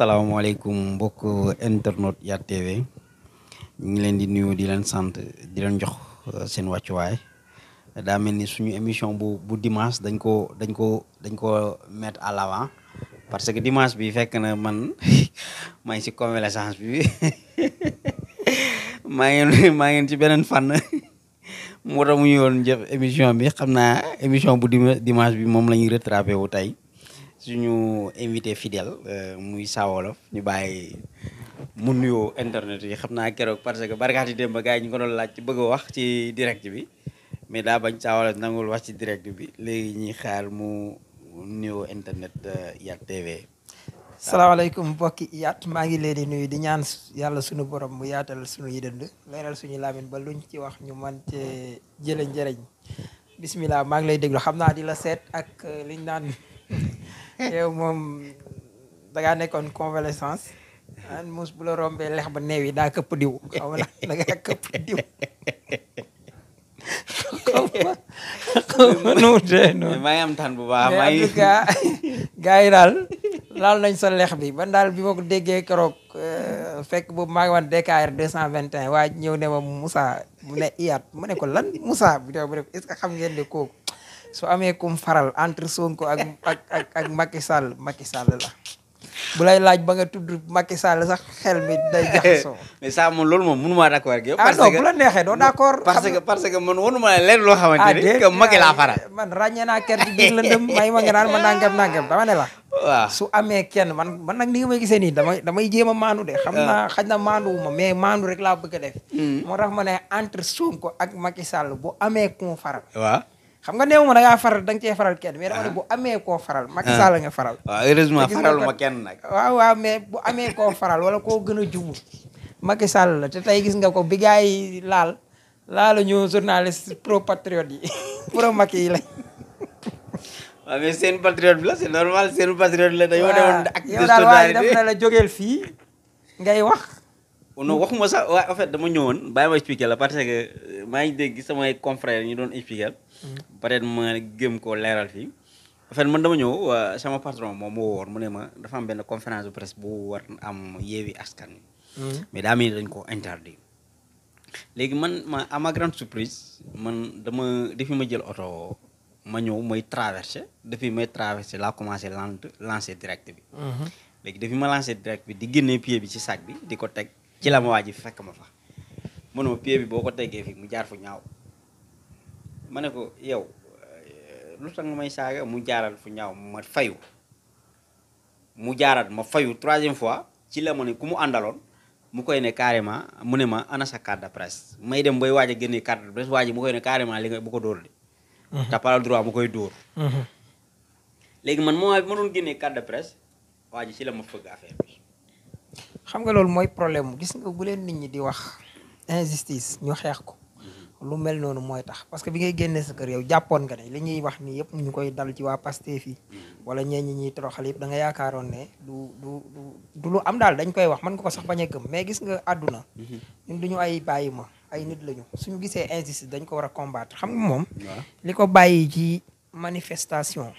asalaamaaleykum mbokk internet Iyat TV ñu ngi leen di nuyu di leen sant di leen jox uh, seen wàccuwaay daa mel ni suñu émission bu bu dimanche dañ ko dañ ko dañ ko mettre à l'avant parce que dimanche bi fekk na man maa ngi si convalescence bi maa ngeen maa ci beneen fànn moo tax mu ñu woon jëf émission bi xam naa émission bu dimanche bi moom la ñuy rattrapé wu tey suñu invité fidèle euh, muy Sawolof ñu bàyyi mu nuyoo internet yi xam naa keroog parce que barkaati démb gars yi ñu ko doon laaj ci bëgg a wax ci direct bi mais daa bañ Sawolof nangul wax ci direct bi léegi ñuy xaar mu nuyoo internet IYAT euh, TV. salaamaaleykum mbokki IYAT maa ngi leen di nuyu di ñaan yàlla suñu borom mu yaatal suñu yi dënd leeral suñu laamin ba luñ ci wax ñu mën cee jëlee njëriñ bisimilah maa ngi lay déglu xam naa di la seet ak euh, liñ naan. yow moom dangaa nekkoon convalescence an muus bu la rombee leex ba néew yi daa këpp diw xaw ma da ngaa këpp diw maa tan bu baax maa ngi yi daal laal nañ sa leex bi ban daal bi ma ko déggee keroog euh, fekk boobu maa ngi wan DKR 221 waa ñëw ne ma Moussa mu ne Iyat mu ne ko lan Moussa bi doo bu def est ce xam ngeen ne kooku su amee kum faral entre Sonko ko ak ak ak Macky Sall Macky Sall la bu lay laaj ba nga tudd Macky Sall sax xel mi day jaxasoo. mais ça moom loolu moom mun d' accord ak yow. Ah, parce que neexee doo d' accord. que parce que man wanuma leen loo xamante ah, ni. que Macky laa ah, faral. naa kër gi biir lëndëm may ma nga naan ma nangam nangam dama ne la. waaw su amee kenn man man nag ni may gisee nii damay damay jéem a maandu de. xam naa xaj na maanduwuma mais maandu rek laa bëgg a hmm. moo tax ma ne entre ko ak Macky Sall bu amee ku mu faral. waaw. xam nga néew ma da ngaa faral da nga cee faral kenn mais dama ne ah. bu amee koo faral ah. Macky Sall nga faral waaw heureusement faraluma kenn nag waaw waaw mais bu amee koo faral wala koo gën a jubu Macky Sall la te tey gis nga ko bi gaa yi laal laala ñu journaliste pro patriote yi pro Macky yi lañ waaw mais seen patriote bi la c'est normal seen patriote la dañoo demoon ak fii ngay wax oh non waxuma sax waaye en fait dama ñëwoon bàyyi ma expliquer la parce que maa ngi dégg samay confrères ñu doon expliquer peut-être ma gëm koo leeral fii. en man dama ñëw euh, sama patron moom moo woor mu ne ma dafa am benn conférence de presse bu war am yeewi askan wi. Mm. mais daa mel ni dañ koo interdit. léegi man ma à ma man dama depuis ma jël oto ma ñëw may traversé depuis may traversé laa commencé lan lancer direct bi. Mm-hmm. léegi depuis ma lancer direct bi di génnee pied bi si sac bi di ko teg ci la ma ji fekk ma fa. mënuma pied bi boo ko tegee fi mu jaar fu ñaaw. ma ne ko yow eh, lu tax may saaga mu jaaral fu ñaaw ma fayu mu jaaraat ma fayu troisième fois ci la ma ne ku mu àndaloon mu koy ne carrément mu ne ma ana sa carte de presse may dem bay waaj a génne carte de presse waa ji mu koy ne carrément li nga bu ko dóor de. Mhm. t'as pas mu koy dóor. Mhm. léegi man moment bi ma doon génnee carte de presse waa ci la ma fëgg affaire bi. xam nga loolu mooy problème mu gis nga bu leen nit ñi di wax injustice ñu xeex ko. lu mel noonu mooy tax parce que bi ngay génnee sa kër yow jàppoon nga ne li ñuy wax ni yëpp ñu koy dal ci waa Pastef yi mm. wala ñeen ñi ñi ñuy toroxal yëpp da nga yaakaaroon ne du du du lu am daal dañ koy wax man nga ko sax bañ a gëm mais gis nga àdduna mm-hmm. ñun duñu ay bàyyi ma ay nit lañu ñu gisee injustice dañ ko war a combattre xam nga moom li ko bàyyi ci manifestation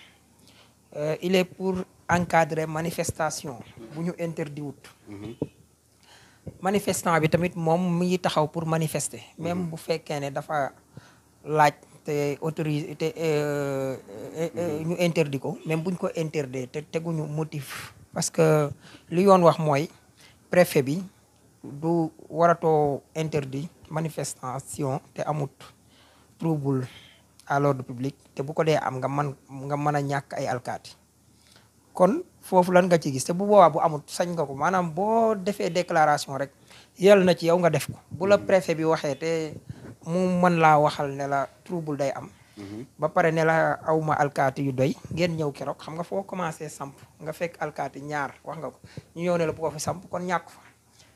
euh, il est pour encadrer manifestation bu ñu interdit wut mm-hmm. manifestant bi tamit moom mu ngi taxaw pour manifester même bu fekkee ne dafa laaj te autorisé te euh, euh, euh, ñu interdit ko même buñ ko interdit te teguñu motif parce que li yoon wax mooy préfé bi du waratoo interdit manifestation te amut trouble à l'ordre public te bu ko dee am nga man nga mën a ñàkk ay alkaati kon foofu lan nga ci gis te bu boobaa bu amul sañ nga ko maanaam boo defee déclaration rek yal na ci yow nga def ko bu la mm-hmm. préfet bi waxee te mu mën laa waxal ne la trouble day am. Mm-hmm. ba pare ne la awma alkaati yu doy ngeen ñëw keroog xam nga foo commencé samp nga fekk alkaati ñaar wax nga ko ñu ñëw ne la bu ko samp kon ñàkk fa.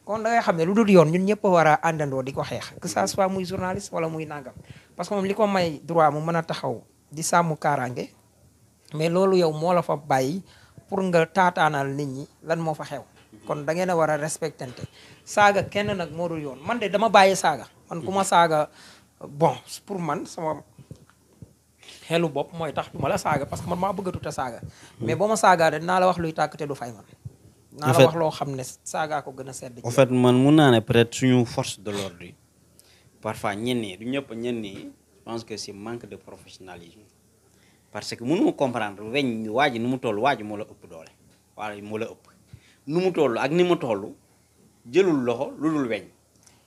kon da xam ne lu dul yoon ñun ñëpp war a àndandoo di ko xeex que ça soit muy journaliste wala muy nangam parce que moom li ko may droit mu mën a taxaw di sàmm kaaraange mais loolu yow moo la fa bàyyi. pour nga taataanal nit ñi lan moo fa xew kon dangeen ngeen a war a respectante saaga kenn nag moo dul yoon man de dama bàyyi saaga man ku ma saaga bon pour man sama xelu bopp mooy tax du la saaga parce que man maa bëggatut a saaga mais boo ma saagaa de dinaa la wax luy tàkk te du fay man naa la wax loo xam ne saagaa ko gën a sedd en fait man mun naa ne peut-être suñu force de l'ordre yi parfois ñenn ñi du ñëpp ñenn ñi je que c'est manque de professionnalisme parce que mënuma comprendre weñ waa ji nu mu toll waa ji moo la ëpp doole waa ji moo la ëpp nu mu toll ak ni mu toll jëlul loxo lu dul weñ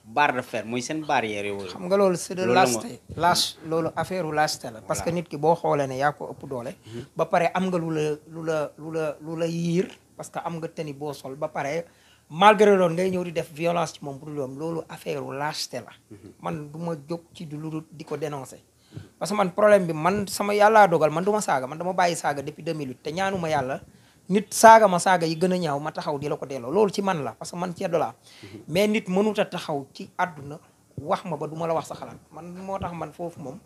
barre de fer mooy seen barrière yooyu xam nga loolu c'est de lâcheté lâche loolu affaire u lâcheté la parce que nit ki boo xoolee ne yaa doole mhm. ba pare am nga lu la lu la lu la lu la yiir parce que am nga tenue boo sol ba pare malgré loolu ngay ñëw di def violence ci moom pour loolu affaire u lâcheté la mhm. man du ma jóg ci du lu di ko dénoncer parce que man problème bi man sama yàllaa dogal man duma saaga man dama bàyyi saaga depuis 2008 te ñaanu ma yàlla nit saaga ma saaga yi gën a ñaaw ma taxaw di la ko delloo loolu ci man la parce que man ceddo laa mhm. mais nit mënut a taxaw ci àdduna wax ma ba du la wax sa xalaat man moo tax man foofu moom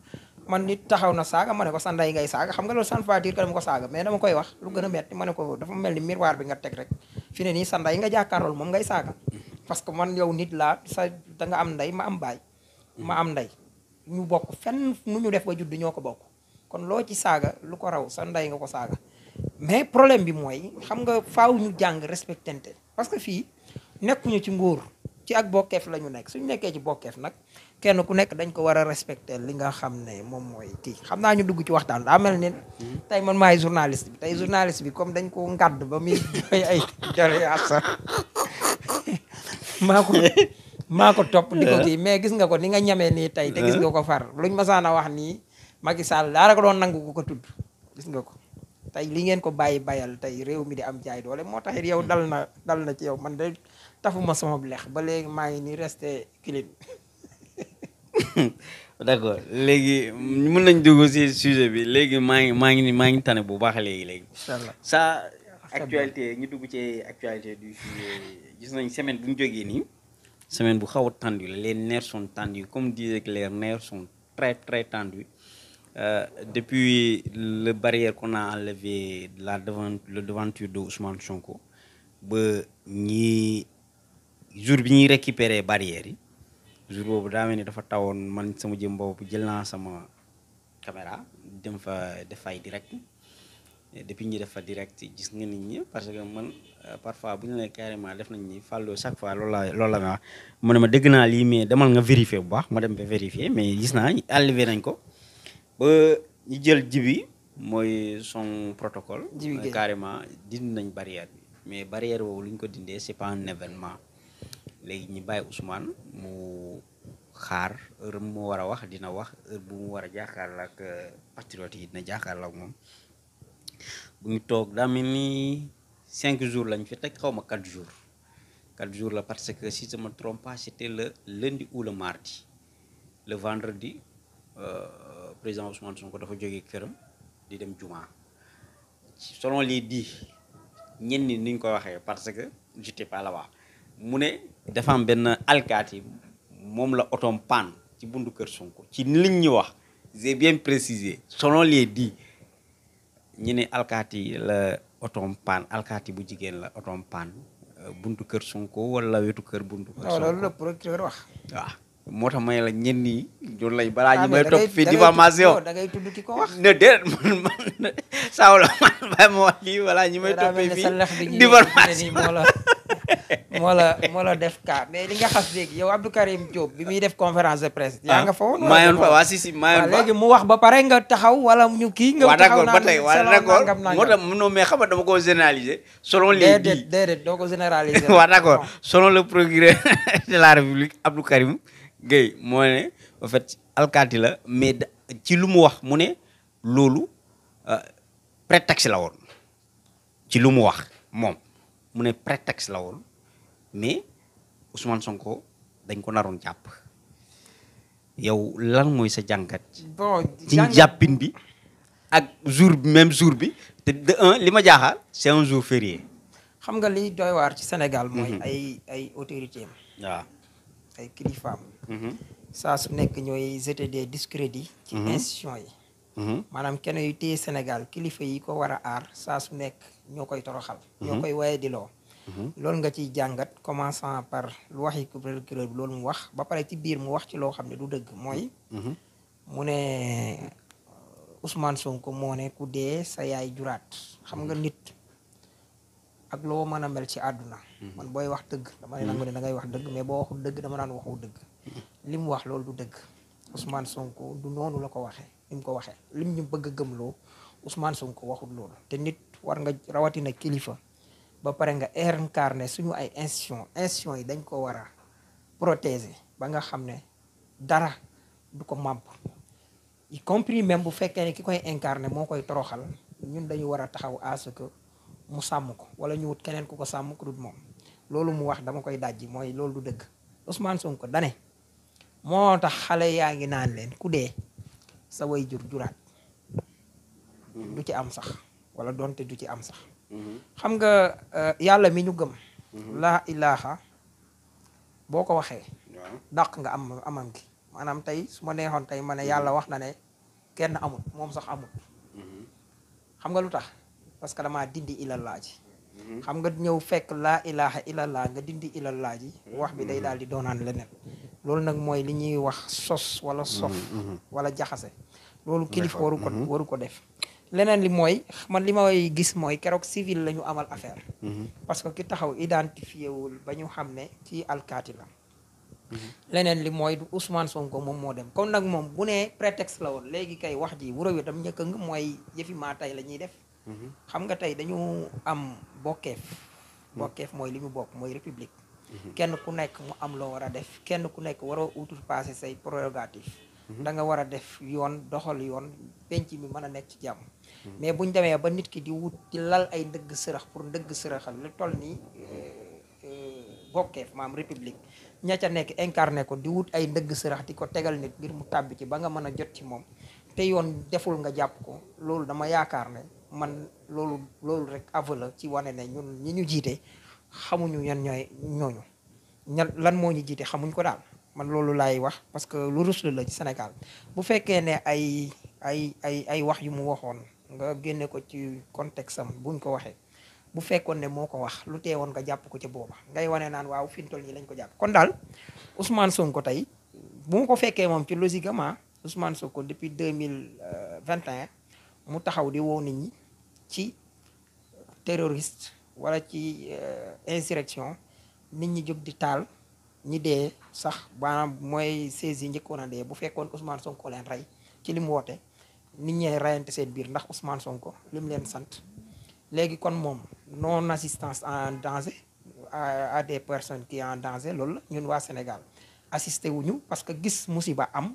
man nit taxaw na saaga ma ne ko sa ndey ngay saaga xam nga loolu sans voiture que dama ko saaga mais dama koy wax lu gën a metti ma ne ko dafa mel ni waar bi nga teg rek fi ne nii sa ndey nga jàkkaarlool moom ngay saaga mhm. parce que man yow nit laa sa da nga am ndey ma am baay ma am ndey ñu bokk fenn nu ñu def ba juddu ñoo ko bokk kon loo ci saaga lu ko raw sa ndey nga ko saaga mais problème bi mooy xam nga faaw ñu jàng respectante parce que fii nekkuñu ci nguur ci ak bokkeef la ñu nekk suñu nekkee ci bokkeef nag kenn ku nekk dañ ko war a respecté li nga xam ne moom mooy kii xam naa ñu dugg ci waxtaan laa mel ne tey man maa journaliste bi tey journaliste bi comme dañ ko ngàdd ba muy ay jole asa maa ko maa ko topp di ko eh. kii mais gis nga ko ni nga ñamee nii tey te gis nga ko far luñ ma saan a wax nii Macky Sall daara ko doon nangu ko ko gis nga ko tey li ngeen ko bàyyi bayal tey réew mi di am jaay doole moo taxit yow dal na dal na ci yow man de tafuma sama lex ba léegi maa ngi nii resté clean d'accord léegi mën nañ dugg si sujet bi léegi maa ngi maa ngi maa ngi tane bu baax léegi léegi sa actualité ñu dugg ci actualité du sujet gis nañ semaine bu ñu jógee nii semaine bu xaw a tendue la les nerfs sont tendus comme disait que les nerfs sont très très tendus euh, depuis le barrière qu'on a enlevé la devant le devanture de Ousmane Sonko ba ñi jour bi ñuy récupérer barrière yi jour boobu daa mel ni dafa tawoon man sama jëm jël naa sama caméra dem fa def ay direct depuis ñu def fa direct gis nga nit ñi parce que man. Euh, parfois bu ñu nee carrément def nañ ni Fallou chaque fois loolu la loolu wax mu ne ma dégg naa lii mais demal nga vérifier bu baax ma dem ba vérifier mais gis naa enlevé nañ ko ba ñu jël jibi mooy son protocole carrément dind nañ barrière bi mais barrière woowu lu ñu ko dindee c'est pas un événement léegi ñu bàyyi Ousmane mu xaar heure bu mu war a wax dina wax heure bu mu war a jàkkaarloo ak euh, patriote yi dina jàkkaarloo ak moom bu ñu toog daa mel cinq jours lañ fi teg xaw ma quatre jours quatre jours la parce que si je me trompe te c'était le lundi ou le mardi le vendredi euh, président Ousmane Sonko dafa jógee këram di dem jumaa solon les di ñenn ni ñu ko waxee parce que j'étais pas là-bas mu ne dafa am benn alkaati moom la otoom paan ci bundu kër Sonko ci li ñu wax j'ai bien précisé selon les dits ñu ne alkaati la. otoom paan alkaati bu jigéen la otoom paan euh, buntu kër Sonko wala wetu kër buntu kër Sonko loolu la procureur wax waaw moo tax may la ñenn ñi doon lay balaa ñu ah, topp fii diffamation da ngay tudd ki ko wax balaa ñu may toppee fii moo la def ka mais li nga xas léegi yow Abdou Karim Diop bi muy def conférence de presse. yaa nga fa woon maayoon fa waa si si maayoon fa mu wax ba pare nga taxaw wala ñu kii. nga taxaw naa ne waaw d' accord ba tey waaw d' accord moo tax non mais xam nga dama ko généraliser. selon les dits déedéet doo ko généraliser. waaw d' accord le procureur de la République Abdou Karim Gueye moo en fait alkaati la mais ci lu mu wax mu ne loolu euh, prétexte la woon ci lu mu wax moom mu ne prétexte la woon. mais Ousmane Sonko dañ ko naroon jàpp yow lan mooy sa jàngat. bon ci jàppin bi ak jour même jour bi te de un li ma jaaxal c'est un jour férié. xam nga liy doy waar ci Sénégal. mooy mhm. ay ay autorités am. waaw ay kilifaam. Mhm. saa su nekk ñooy jeter des discrédits. ci mhm. institution yi. maanaam kenn yu Sénégal kilifa yi ko war a aar saa su nekk ñoo koy toroxal. ñoo koy waye di loo. loolu nga ciy jàngat commençant par lu waxi procureur bi loolu mu wax ba pare ci biir mu wax ci loo xam ne du dëgg mooy mhm. mu ne euh, Ousmane Sonko moo ne ku dee sa yaay juraat xam nga mhm. nit ak loo mën a mel ci àdduna mhm. man booy wax dëgg dama ne nangu ne da ngay wax dëgg mais boo dëgg dama naan waxu dëgg li mu wax loolu du dëgg Ousmane Sonko du noonu la ko waxee li ko waxee lim ñu bëgg a gëmloo Ousmane Sonko waxul loolu te nit war nga rawatina kilifa ba pare nga incarné suñu ay institution institution yi dañ ko war a protéger ba nga xam ne dara du ko màbb y compris bu fekkee ne ki koy incarné moo koy toroxal ñun dañu war a taxaw à que mu sàmm ko wala ñu wut keneen ku ko sàmm ku dul moom loolu mu wax dama koy dajji mooy loolu du dëgg Ousmane ko dane moo tax xale yaa ngi naan leen ku dee sa way jur juraat du ci am sax wala doonte du ci am sax xam nga eh, yàlla mi nu gëm mhm. laa ilaha boo ko waxee daq nga am amam gi maanaam tey su ma neexoon tey ma yàlla mhm. wax na ne kenn amut moom sax amut mhm. xam nga lu tax parce que damaa dindi ilallaa ji xam nga ñëw fekk laa ilaha ilallaa nga dindi ilallaa ji wax bi day daal di doonaan leneen loolu nag mooy li ñuy wax sos wala sof wala jaxase loolu kilif waru waru ko def leneen li mooy man li may gis mooy keroog civil la ñu amal affaire. Mhm. parce que ki taxaw identifié wul ba ñu xam ne ci alkaati la. Mhm. leneen li mooy du Ousmane Sonko moom moo dem kon nag moom bu ne prétexte la woon léegi kay wax ji bu rëy tam njëkk nga mooy yëfi maa tey la ñuy def. Mhm. xam nga tey dañu am bokkeef. bokkeef mooy li ñu bokk mooy république. kenn ku nekk mu am loo war a def kenn ku nekk waroo outrepasser say prérogatives. da nga war a def yoon doxal yoon penc mi mën a nekk ci jàmm hmm. mais buñ demee ba nit ki di wut di lal ay ndëgg sërëx pour ndëgg sërëxal lu toll nii eh, eh, bokkeef maam république ña ca nekk incarné ko di wut ay ndëgg sërëx di ko tegal nit ngir mu tàbbi ci ba nga mën a jot ci moom te yoon deful nga jàpp ko loolu dama yaakaar ne man loolu loolu rek avala ci wane ne ñun ñi ñu jiite xamuñu yan ñooy ñooñu ñan lan moo ñu jiite xamuñ ko daal man loolu laay wax parce que lu ruslu la ci Sénégal bu fekkee ne ay ay ay ay wax yu mu waxoon nga génne ko ci contexte am buñ ko waxee bu fekkoon ne moo ko wax lu teewoon nga jàpp ko ci booba ngay wane naan waaw fintol yi lañ ko jàpp kon daal Ousmane ko tey bu ma ko fekkee moom ci logiquement Ousmane Sonko depuis 2021 mu taxaw di woo nit ñi ci terroriste wala ci euh, insurrection nit ñi jóg di taal ñi dee sax maanaam mooy seize yi njëkkoon bu fekkoon Ousmane Sonko leen rey ci li mu woote nit ñee reyante seen biir ndax Ousmane Sonko li leen sant léegi kon moom non assistance en danger à des personnes qui en danger loolu la ñun waa Sénégal assisté wuñu parce que gis musiba am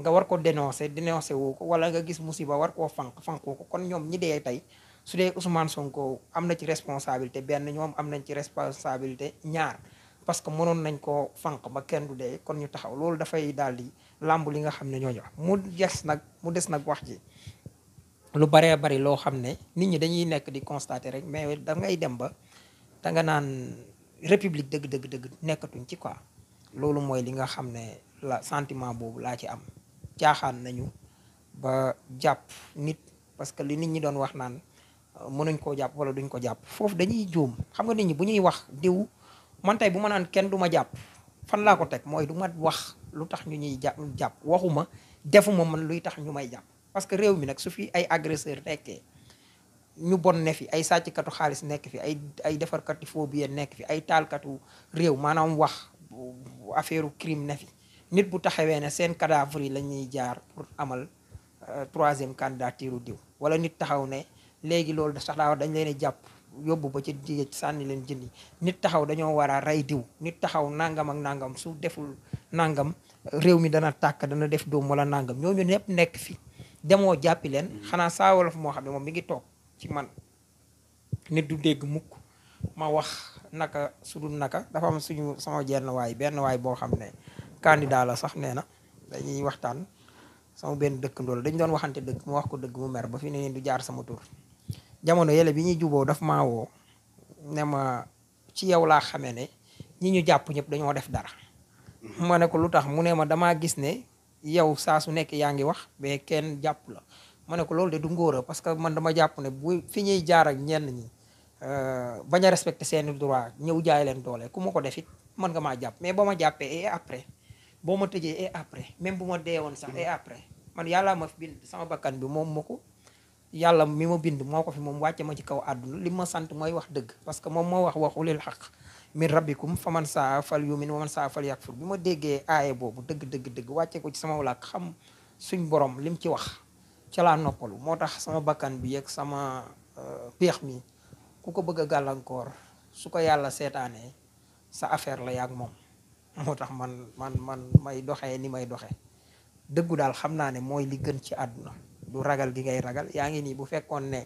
nga war ko dénoncé dénoncé woo ko wala nga gis musiba war koo fanq fanqoo ko kon ñoom ñi dee tey su dee Ousmane Sonko am na ci responsabilité benn ñoom am nañ ci responsabilité ñaar parce que mënoon nañ koo fànq ba kenn du dee kon ñu taxaw loolu dafay daal di làmb li nga xam ne ñooñu wax mu des nag mu des nag wax ji lu baree bari loo xam ne nit ñi dañuy nekk di constater rek mais da ngay dem ba da nga naan république dëgg dëgg nekkatuñ ci quoi loolu mooy li nga xam ne la sentiment boobu laa ci am jaaxaan nañu ba jàpp nit parce que li nit ñi doon wax naan mënuñ koo jàpp wala duñ ko jàpp foofu dañuy juum xam nga nit ñi bu ñuy wax diw man tey bu ma naan kenn du ma jàpp fan laa ko teg mooy du ma wax lu tax ñu ñuy jàpp jàpp waxuma defuma man luy tax ñu may jàpp parce que réew mi nag su fi ay agresseur nekkee ñu bon ne fi ay sàcckatu xaalis nekk fi ay ay defarkati phobie nekk fi ay taalkatu réew maanaam wax affaire crime ne fi nit bu taxawee ne seen cadavre yi la ñuy jaar pour amal euh, troisième candidature diw wala nit taxaw ne léegi loolu sax daa wax dañ leen jàpp yóbbu ba ci jigéen sànni leen jën yi nit taxaw dañoo war a rey diw nit taxaw nangam ak nangam su deful nangam réew mi dana tàkk dana def doom wala nangam ñooñu ñëpp nekk fi demoo jàppi leen mm-hmm. xanaa saa wolof moo xam ne moom mi ngi toog ci man nit du dégg mukk ma wax naka su dul naka dafa suñu sama jenn waay benn waay boo xam ne candidat daala sax nee na dañuy waxtaan sama benn dëkkandoo la dañ doon waxante dëgg mu wax ko dëgg mu mer ba fi ne du jaar sama tur jamono yële bi ñuy juboo dafa maawoo woo ne ma ci yow laa xamee ne ñi ñu jàpp ñëpp dañoo def dara. Mhm. ma ne ko lu tax mu ne ma damaa gis ne yow saa su nekk yaa ngi wax mais kenn jàpp la ma ne ko loolu de du ngóora parce que man dama jàpp ne bu fi ñuy jaar ak ñenn ñi euh, bañ a respecté seeni droit ñëw jaay leen doole ku ma ko defit mën maa jàpp mais ba ma jàppee et après boo ma tëjee et après même bu ma dee woon sax et mhm. après man yàllaa ma fi bind sama bakkan bi moom ma ko. yàlla mi ma bind moo ko fi moom wàcce ma ci kaw àdduna lim ma sant mooy wax dëgg parce que moom moo wax waxulil xaq min rabbikum fa man saa fal yumin wa man saa fal yakfur bi ma déggee aaye boobu dëgg dëgg dëgg wàcce ko ci sama làkk xam suñ borom lim ci wax ca laa noppalu moo tax sama bakkan bi yeeg sama euh, peex mi ku ko bëgg a gàllankoor su ko yàlla seetaanee sa affaire la yaag moom moo tax man man man may doxee ni may doxee dëggu daal xam naa ne mooy li gën ci àdduna du ragal gi ngay ragal yaa ngi nii bu fekkoon ne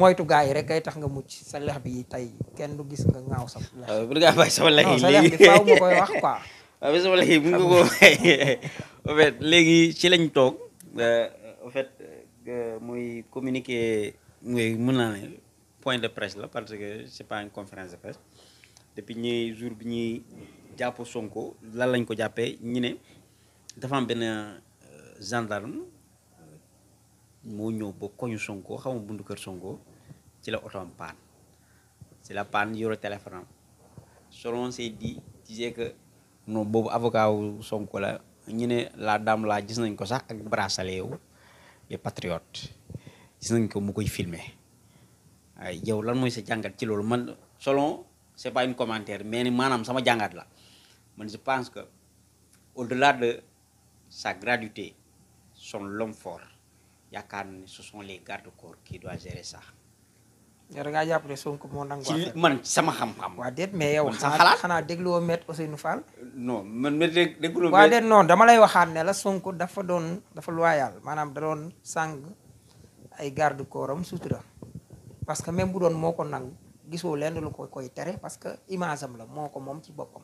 moytu gaa yi rek kay tax nga mucc sa lex bi tey kenn du gis nga ŋaaw sa lex. waaw ah, bu ngaa bàyyi sama lex yi léegi faaw ma koy wax quoi. waaw ah, sama lex yi bu nga ko en fait léegi ci lañ toog euh, en fait euh, muy communiquer muy mën naa ne point de presse la parce que c'est pas une conférence de presse depuis ñuy jour bi ñuy jàpp Sonko lan lañ ko jàppee ñu ne dafa am benn euh, gendarme. moo ñëw ba koñu Sonko xaw ma buntu kër Sonko ci la otoom paan ci la paan yore téléphone am selon s'est dit disait que non boobu avocat wu Sonko la ñu ne la dame laa gis nañ ko sax ak bracelet wu les patriotes gis nañ ko mu koy filmer ay yow lan mooy sa jàngat ci loolu man selon c'est pas une commentaire mais ni maanaam sama jàngat la man je pense que au-delà de sa gratuité son l'homme fort yaakaar na ce sont les gardes corps qui doivent gérer ngaa jàpp ne moo nangu. ci man sama xam-xam. waa déet mais xanaa dégluwoo Maître Ousseynou Fall. non man ma dégg dama lay waxaane la Sonko dafa doon dafa loyal maanaam da doon sàng ay garde corps sutura parce que même bu doon moo ko nangu gisoo lenn lu ko koy tere parce que image la moo ko moom ci boppam.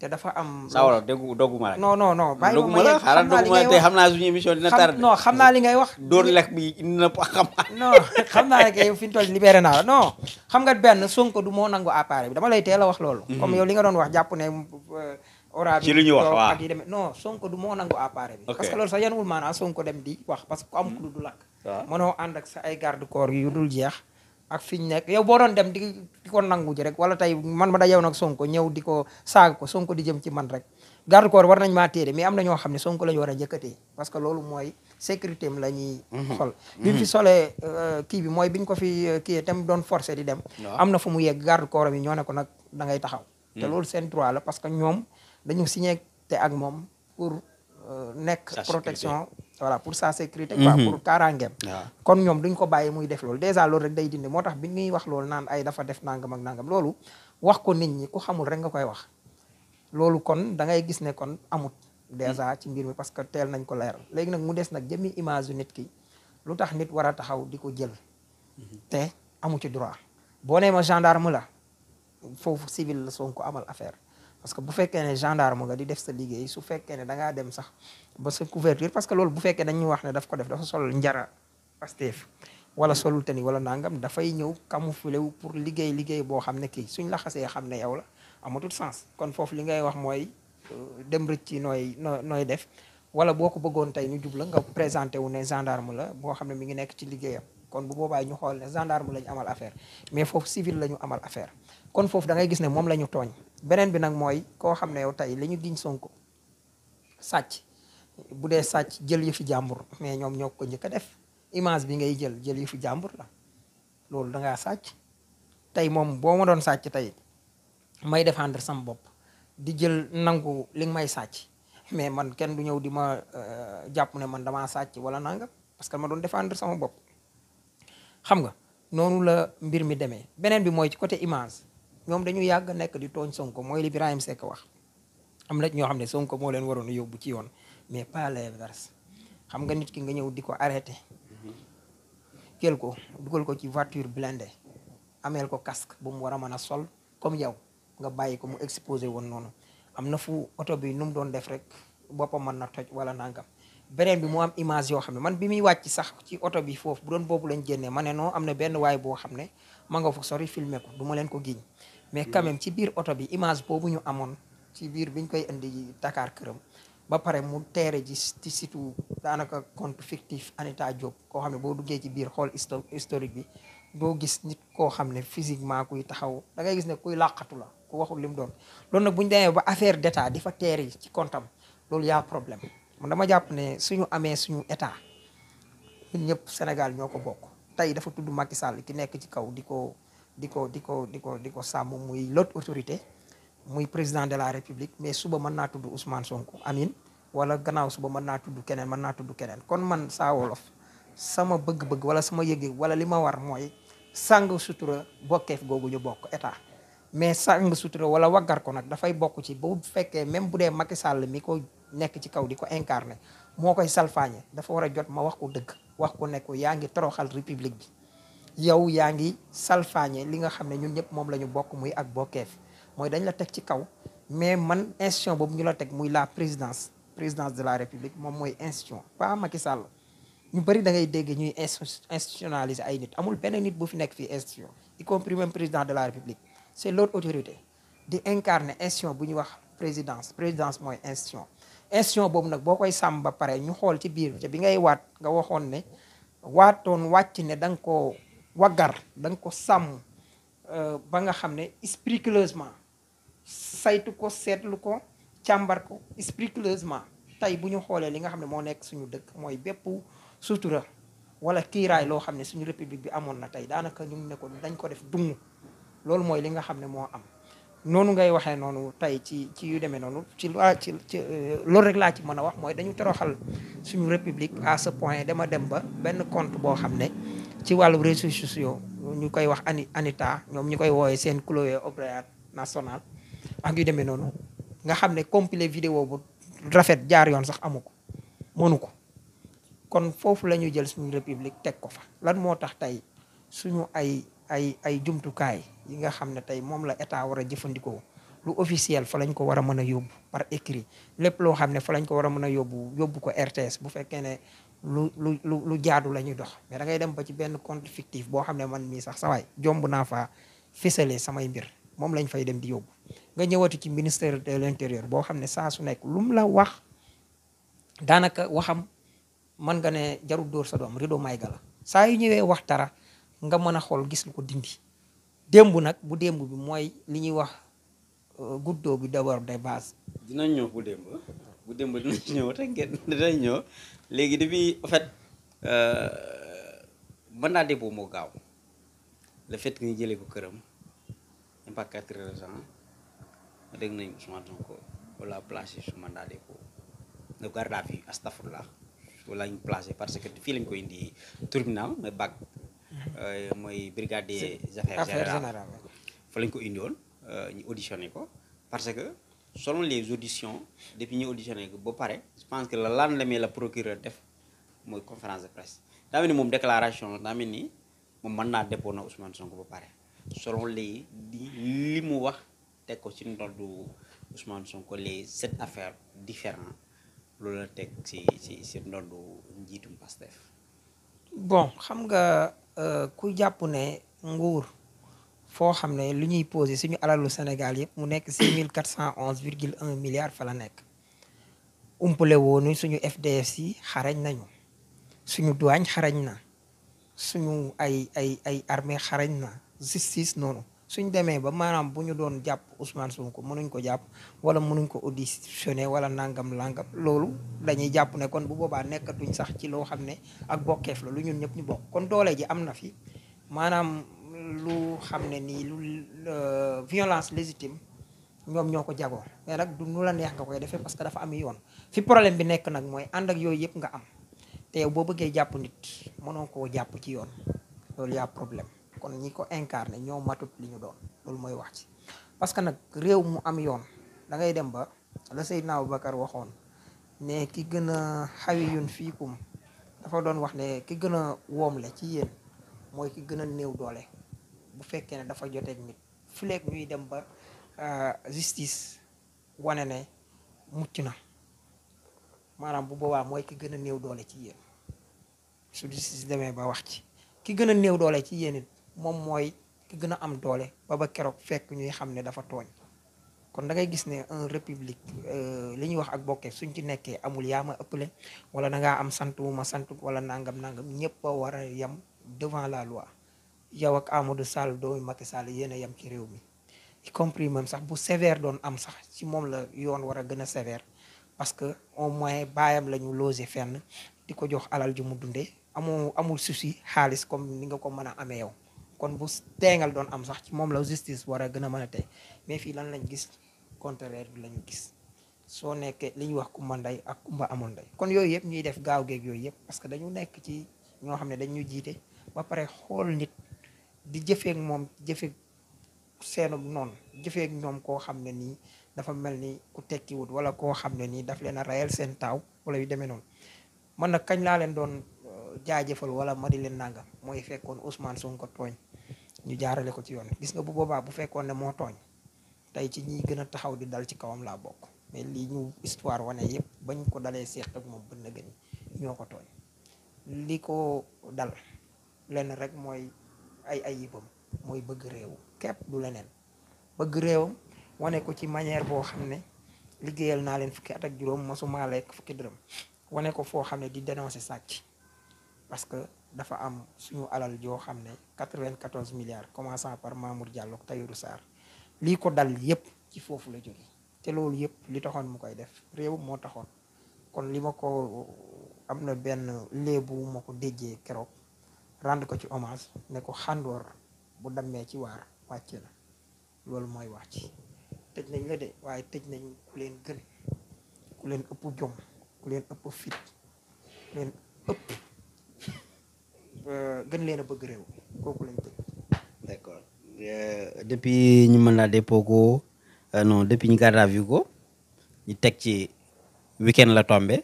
te dafa am. sawara déggu dogguma la. non non non bàyyi ma ma xaaral xam naa suñu émission dina xam naa li ngay wax. dóor lekk bi indi na xam. xam naa ne fi ñu toll libéré naa la xam nga benn Sonko du moo nangu appareil dama lay teel a wax loolu. Mm-hmm. comme yow li nga doon wax jàpp ne. ora euh, ci li ñu wax waaw ak yi demee non Sonko du moo nangu appareil bi. parce que loolu sax yan wul maanaam Sonko dem di wax parce que ku am ku du lakk. Mm-hmm. waaw mënoo ànd ak sa ay garde corps yu dul jeex. ak fi ñu nekk yow boo doon dem di di ko nangu ji rek wala tey man ma da yow nag Sonko ñëw di ko saag ko Sonko di jëm ci man rek garde corps war nañ maa téere mais am na ñoo xam ne Sonko la ñu war a njëkkatee parce que loolu mooy sécurité am la ñuy mhm. sol mhm. bi fi solee euh, kii bi mooy bi biñ ko fi euh, kii tam doon forcé di dem am na fu mu yegg garde corps yi ñoo ne nag da taxaw te mhm. loolu seen droit la parce que ñoom dañu si signé te ak moom pour euh, nekk protection voilà pour sa sécurité quoi pour kaaraangeem kon ñoom duñ ko bàyyi muy def loolu dèjà loolu rek day dindi moo tax bi ñuy wax loolu naan ay dafa def nangam ak nangam loolu wax ko nit ñi ko xamul rek nga koy wax loolu kon da ngay gis ne kon amut dèjà ci mbir mi parce que teel nañ ko leeral léegi nag mu des nag jëmmi image nit ki lu tax nit war a taxaw di ko jël mhm. te amu ci droit boo nee ma gendarme la foofu civil la ko amal affaire parce que bu fekkee ne gendarme nga di def sa liggéey su fekkee ne da dem sax ba sa couverture parce que loolu bu fekkee dañuy wax ne daf ko def dafa sol njara Pastef wala mm. solul tani wala nangam dafay ñëw camouflé wu pour liggéey liggéey boo xam ne kii suñ laxasee xam ne yow la amatul sens kon foofu li ngay wax mooy euh, dem rëcc nooy noo nooy def wala boo ko bëggoon tey ñu jubla nga présenté wu ne gendarme la boo xam ne mu ngi nekk ci liggéeyam kon bu boobaa ñu xool ne gendarme la ñu amal affaire mais foofu civil la ñu amal affaire kon foofu da ngay gis ne moom la ñu tooñ beneen bi nag mooy koo xam ne yow tey li ñu giñ Sonko sàcc bu dee sàcc jël yëfi jàmbur mais ñoom ñoo ko njëkk a def image bi ngay jël jël yëfi jàmbur la loolu dangaa sàcc tey moom boo ma doon sàcc tey may défendre sama bopp di jël nangu li nga may sàcc mais man kenn du ñëw di ma euh, jàpp ne man damaa sàcc wala nanga parce que ma doon défendre sama bopp xam nga noonu la mbir mi demee beneen bi mooy ci côté image ñoom dañu yàgg nekk di tooñ Sonko mooy li Ibrahima Seck wax am na ñoo xam ne Sonko moo leen waroon a yóbbu ci yoon mais pas l'inverse xam nga nit ki nga ñëw di ko arrêté jël ko dugal ko ci voiture blindée ameel ko casque bu mu war a mën a sol comme yow nga bàyyi ko mu exposé woon noonu am na fu oto bi nu mu doon def rek boppa man na toj wala nangam beneen bi mu am image yoo xam ne man bi muy wàcc sax ci oto bi foofu bu doon boobu lañ génnee ma ne non am na benn waay boo xam ne ma nga fa sori filmer ko du leen ko giñ mais quand ci biir oto bi image boobu ñu amoon ci biir biñ koy indi Dakar këram ba pare mu teere ji ci situ daanaka compte fictif Anita Diop koo xam ne boo duggee ci biir xool historique bi doo gis nit koo xam ne physiquement kuy taxaw da ngay gis ne kuy làqatu la ku waxul lim doon loolu nag bu ñu demee ba affaire d'état di fa teere ci compte am loolu yaa problème man dama jàpp ne suñu amee suñu état ñun ñëpp Sénégal ñoo ko bokk tey dafa tudd Macky Sall ki nekk ci kaw di ko di ko di ko di ko di ko sàmm muy l'autre autorité muy président de la république mais suba mën naa tudd Ousmane Sonko amin wala gannaaw suba mën naa tudd keneen man naa tudd keneen kon man saa wolof sama bëgg-bëgg wala sama yëg wala li ma war mooy sàng sutura bokkeef googu ñu bokk état mais sàng sutura wala waggar ko nag dafay bokk ci bu fekkee même bu dee Macky Sall mi ko nekk ci kaw di ko incarné moo koy salfaañe dafa war a jot ma wax ko dëgg wax ko ne yaa ngi toroxal république bi yow yaa ngi salfaañe li nga xam ne ñun ñëpp moom la ñu bokk muy ak bokkeef mooy dañ la teg ci kaw mais man institution boobu ñu la teg muy la présidence présidence de la république moom mooy institution pas Macky Sall ñu bëri da ngay dégg ñuy institutionnaliser ay nit amul benn nit bu fi nekk fii institution y compris de la république c' est l' autre autorité bu ñuy wax présidence présidence mooy institution institution boobu nag boo koy sàmm ba pare ñu xool ci biir te bi ngay waat nga waxoon ne waatoon wàcc ne da nga koo waggar da nga ko sàmm euh, ba nga xam ne spriculeusement saytu ko seetlu ko càmbar ko scrupuleusement tey bu ñu xoolee li nga xam ne moo nekk suñu dëkk mooy bépp sutura wala kiiraay loo xam ne suñu république bi amoon na tey daanaka ñu ne dañ ko def dung loolu mooy li nga xam ne moo am noonu ngay waxee noonu tey ci ci yu demee noonu ci laa ci ci euh, loolu rek laa ci mën a wax mooy dañu toroxal suñu république à ce point dama dem ba benn compte boo xam ne ci wàllu réseaux sociaux ñu koy wax ani Anita ñoom ñu koy woowee seen Chloé Obréa national ak yu demee noonu nga xam ne compilé vidéo bu rafet jaar yoon sax amu ko mënu ko kon foofu la ñu jël suñu république teg ko fa lan moo tax tey suñu ay ay ay jumtukaay yi nga xam ne tey moom la état war a jëfandikoo lu officiel fa lañ ko war a mën a yóbbu par écrit lépp loo xam ne fa lañ ko war a mën a yóbbu yóbbu ko RTS bu fekkee ne lu lu lu jaadu la ñuy dox mais da ngay dem ba ci benn compte fictif boo xam ne man mii sax sawaay jomb naa faa fësale samay mbir moom lañ fay dem di yóbbu nga ñëwati ci ministère de l'intérieur boo xam ne saa su nekk lu mu la wax daanaka waxam mën nga ne jarul dóor sa doom rido may ga la saa yu ñëwee wax dara nga mën a xool gis lu ko dindi démb nag bu démb bi mooy li ñuy wax euh, guddoo bi d'abord des bases dinañ ñëw bu démb bu démb dinañ ñëw te ngeen dinañ ñëw léegi depuis en fait euh, mandat dépôt moo gaaw le fait que ñu jëlee ko këram même pas quatre heures de temps dégg nañ Ousmane Sonko wala placé su mandat dépôt le garde à vue astafurlah wala ñu placé parce que fii lañ ko indi tribunal mais bac euh, mooy brigadier des affaires générales fa lañ ko indi woon euh, ñu auditionné ko parce que solon les auditions depuis ñu auditionné ko ba pare je pense que le lendemain la procureur def mooy conférence de presse daa ni moom déclaration daa ni moom mën naa defoon na Ousmane Sonko ba pare selon les li mu wax teg ko ci ndoddu Ousmane Sonko les sept affaire différent loolu la teg si ci ci ndoddu njiitum Pastef bon xam nga euh, ku jàpp ne nguur foo xam ne lu ñuy posé suñu alalu Sénégal yëpp mu nekk six mille quatre cent onze virgule un milliard fa la nekk umpale woonu suñu FDS yi xarañ nañu suñu douane xarañ na suñu ay ay ay armée xarañ na justice noonu suñ demee ba maanaam bu ñu doon jàpp Ousmane Sonko mënuñ ko jàpp wala mënuñ ko audi auditionné wala nangam langam loolu dañuy jàpp ne kon bu boobaa nekkatuñ sax ci loo xam ne ak bokkeef la lu ñun ñëpp ñu bokk kon doole ji am na fi maanaam lu xam ne nii lu euh, violence légitime ñoom ñoo ko jagoo mais nag du nu la neex nga koy defee parce que dafa am yoon fi problème bi nekk nag mooy ànd ak yooyu yëpp nga am te yow boo bëggee jàpp nit mënoo koo jàpp ci yoon loolu yaa problème kon ñi ko incarné ñoo matut li ñu doon loolu mooy wax ci parce que nag réew mu am yoon da ngay dem ba la Seydina bakar waxoon ne ki gën a fii fiikum dafa doon wax ne ki gën a woom la ci yéen mooy ki gën a néew doole bu fekkee ne dafa joteeg nit fileeg ñuy dem ba euh, justice wane ne mucc na maanaam bu boobaa mooy ki gën a néew doole ci yéen su justice demee ba wax ci ki gën a néew doole ci yéen it moom mooy ki gën a am doole ba ba keroog fekk ñuy xam ne dafa tooñ kon da ngay gis ne un république euh, li ñuy wax ak bokkee suñ ci nekkee amul yaa ma ëppale wala da ngaa am sant wu ma sant wala nangam nangam ñëpp a war a yem devant la loi yow ak Amadou Sall doomu Macky Sall yéen a yem ci réew mi y compris sax bu sévère doon am sax ci moom la yoon war a gën a sévère parce que au moins baayam la ñu logé fenn di ko jox alal ju mu dundee amoo amul souci xaalis comme ni nga ko mën a amee yow kon bu teengal doon am sax ci moom la justice war a gën a mën a tey mais fii lan lañ gis contraire bi la ñu gis soo nekkee li ñuy wax kumba ndey ak kumba amul nday kon yooyu yëpp ñuy def gaaw geeg yooyu yëpp parce que dañu nekk ci ñoo xam ne dañu jiite ba pare di jëfeek moom jëfeek seenub noonu jëfeek ñoom koo xam ne nii dafa mel ni ku tekkiwut wala koo xam ne nii daf leen a rayal seen taaw wala yu demee noonu man na kañ laa leen doon euh, jaajëfal wala ma di leen nangam mooy fekkoon Ousmane Sonko tooñ ñu jaarale ko ci yoon gis nga bu boobaa bu fekkoon ne moo tooñ tey ci ñi gën a taxaw di dal ci kawam laa bokk mais lii ñu histoire wane yëpp bañ ko dalee seq ak moom bën na gën ñoo ko tooñ li ko dal rek mooy ay ay ayibam mooy bëgg réew képp du leneen bëgg réewam wane ko ci manière boo xam ne liggéeyal naa leen fukki at ak juróom mosuma lekk fukki dërëm wane ko foo xam ne di dénoncer sàcc parce que dafa am suñu alal joo xam ne 94 milliards commencent par Mamour Diallo Tahirou Sarr lii ko dal yépp ci foofu la jóge te loolu yépp li taxoon mu koy def réew moo taxoon kon li ma ko am na benn léebu ma ko déjee keroog rendre ko ci hommage ne ko xàndoor bu dammee ci waar wàcc na loolu mooy wàcc tëj nañ la de waaye tëj nañ ku leen gën ku leen ëpp jom ku leen ëpp fit ku leen ëpp euh, gën leen a bëgg réew kooku lañ tëj d'accord euh, depuis ñu mën laa dépôt ko euh, non depuis ñu garde à vue ñu teg ci week-end la tombe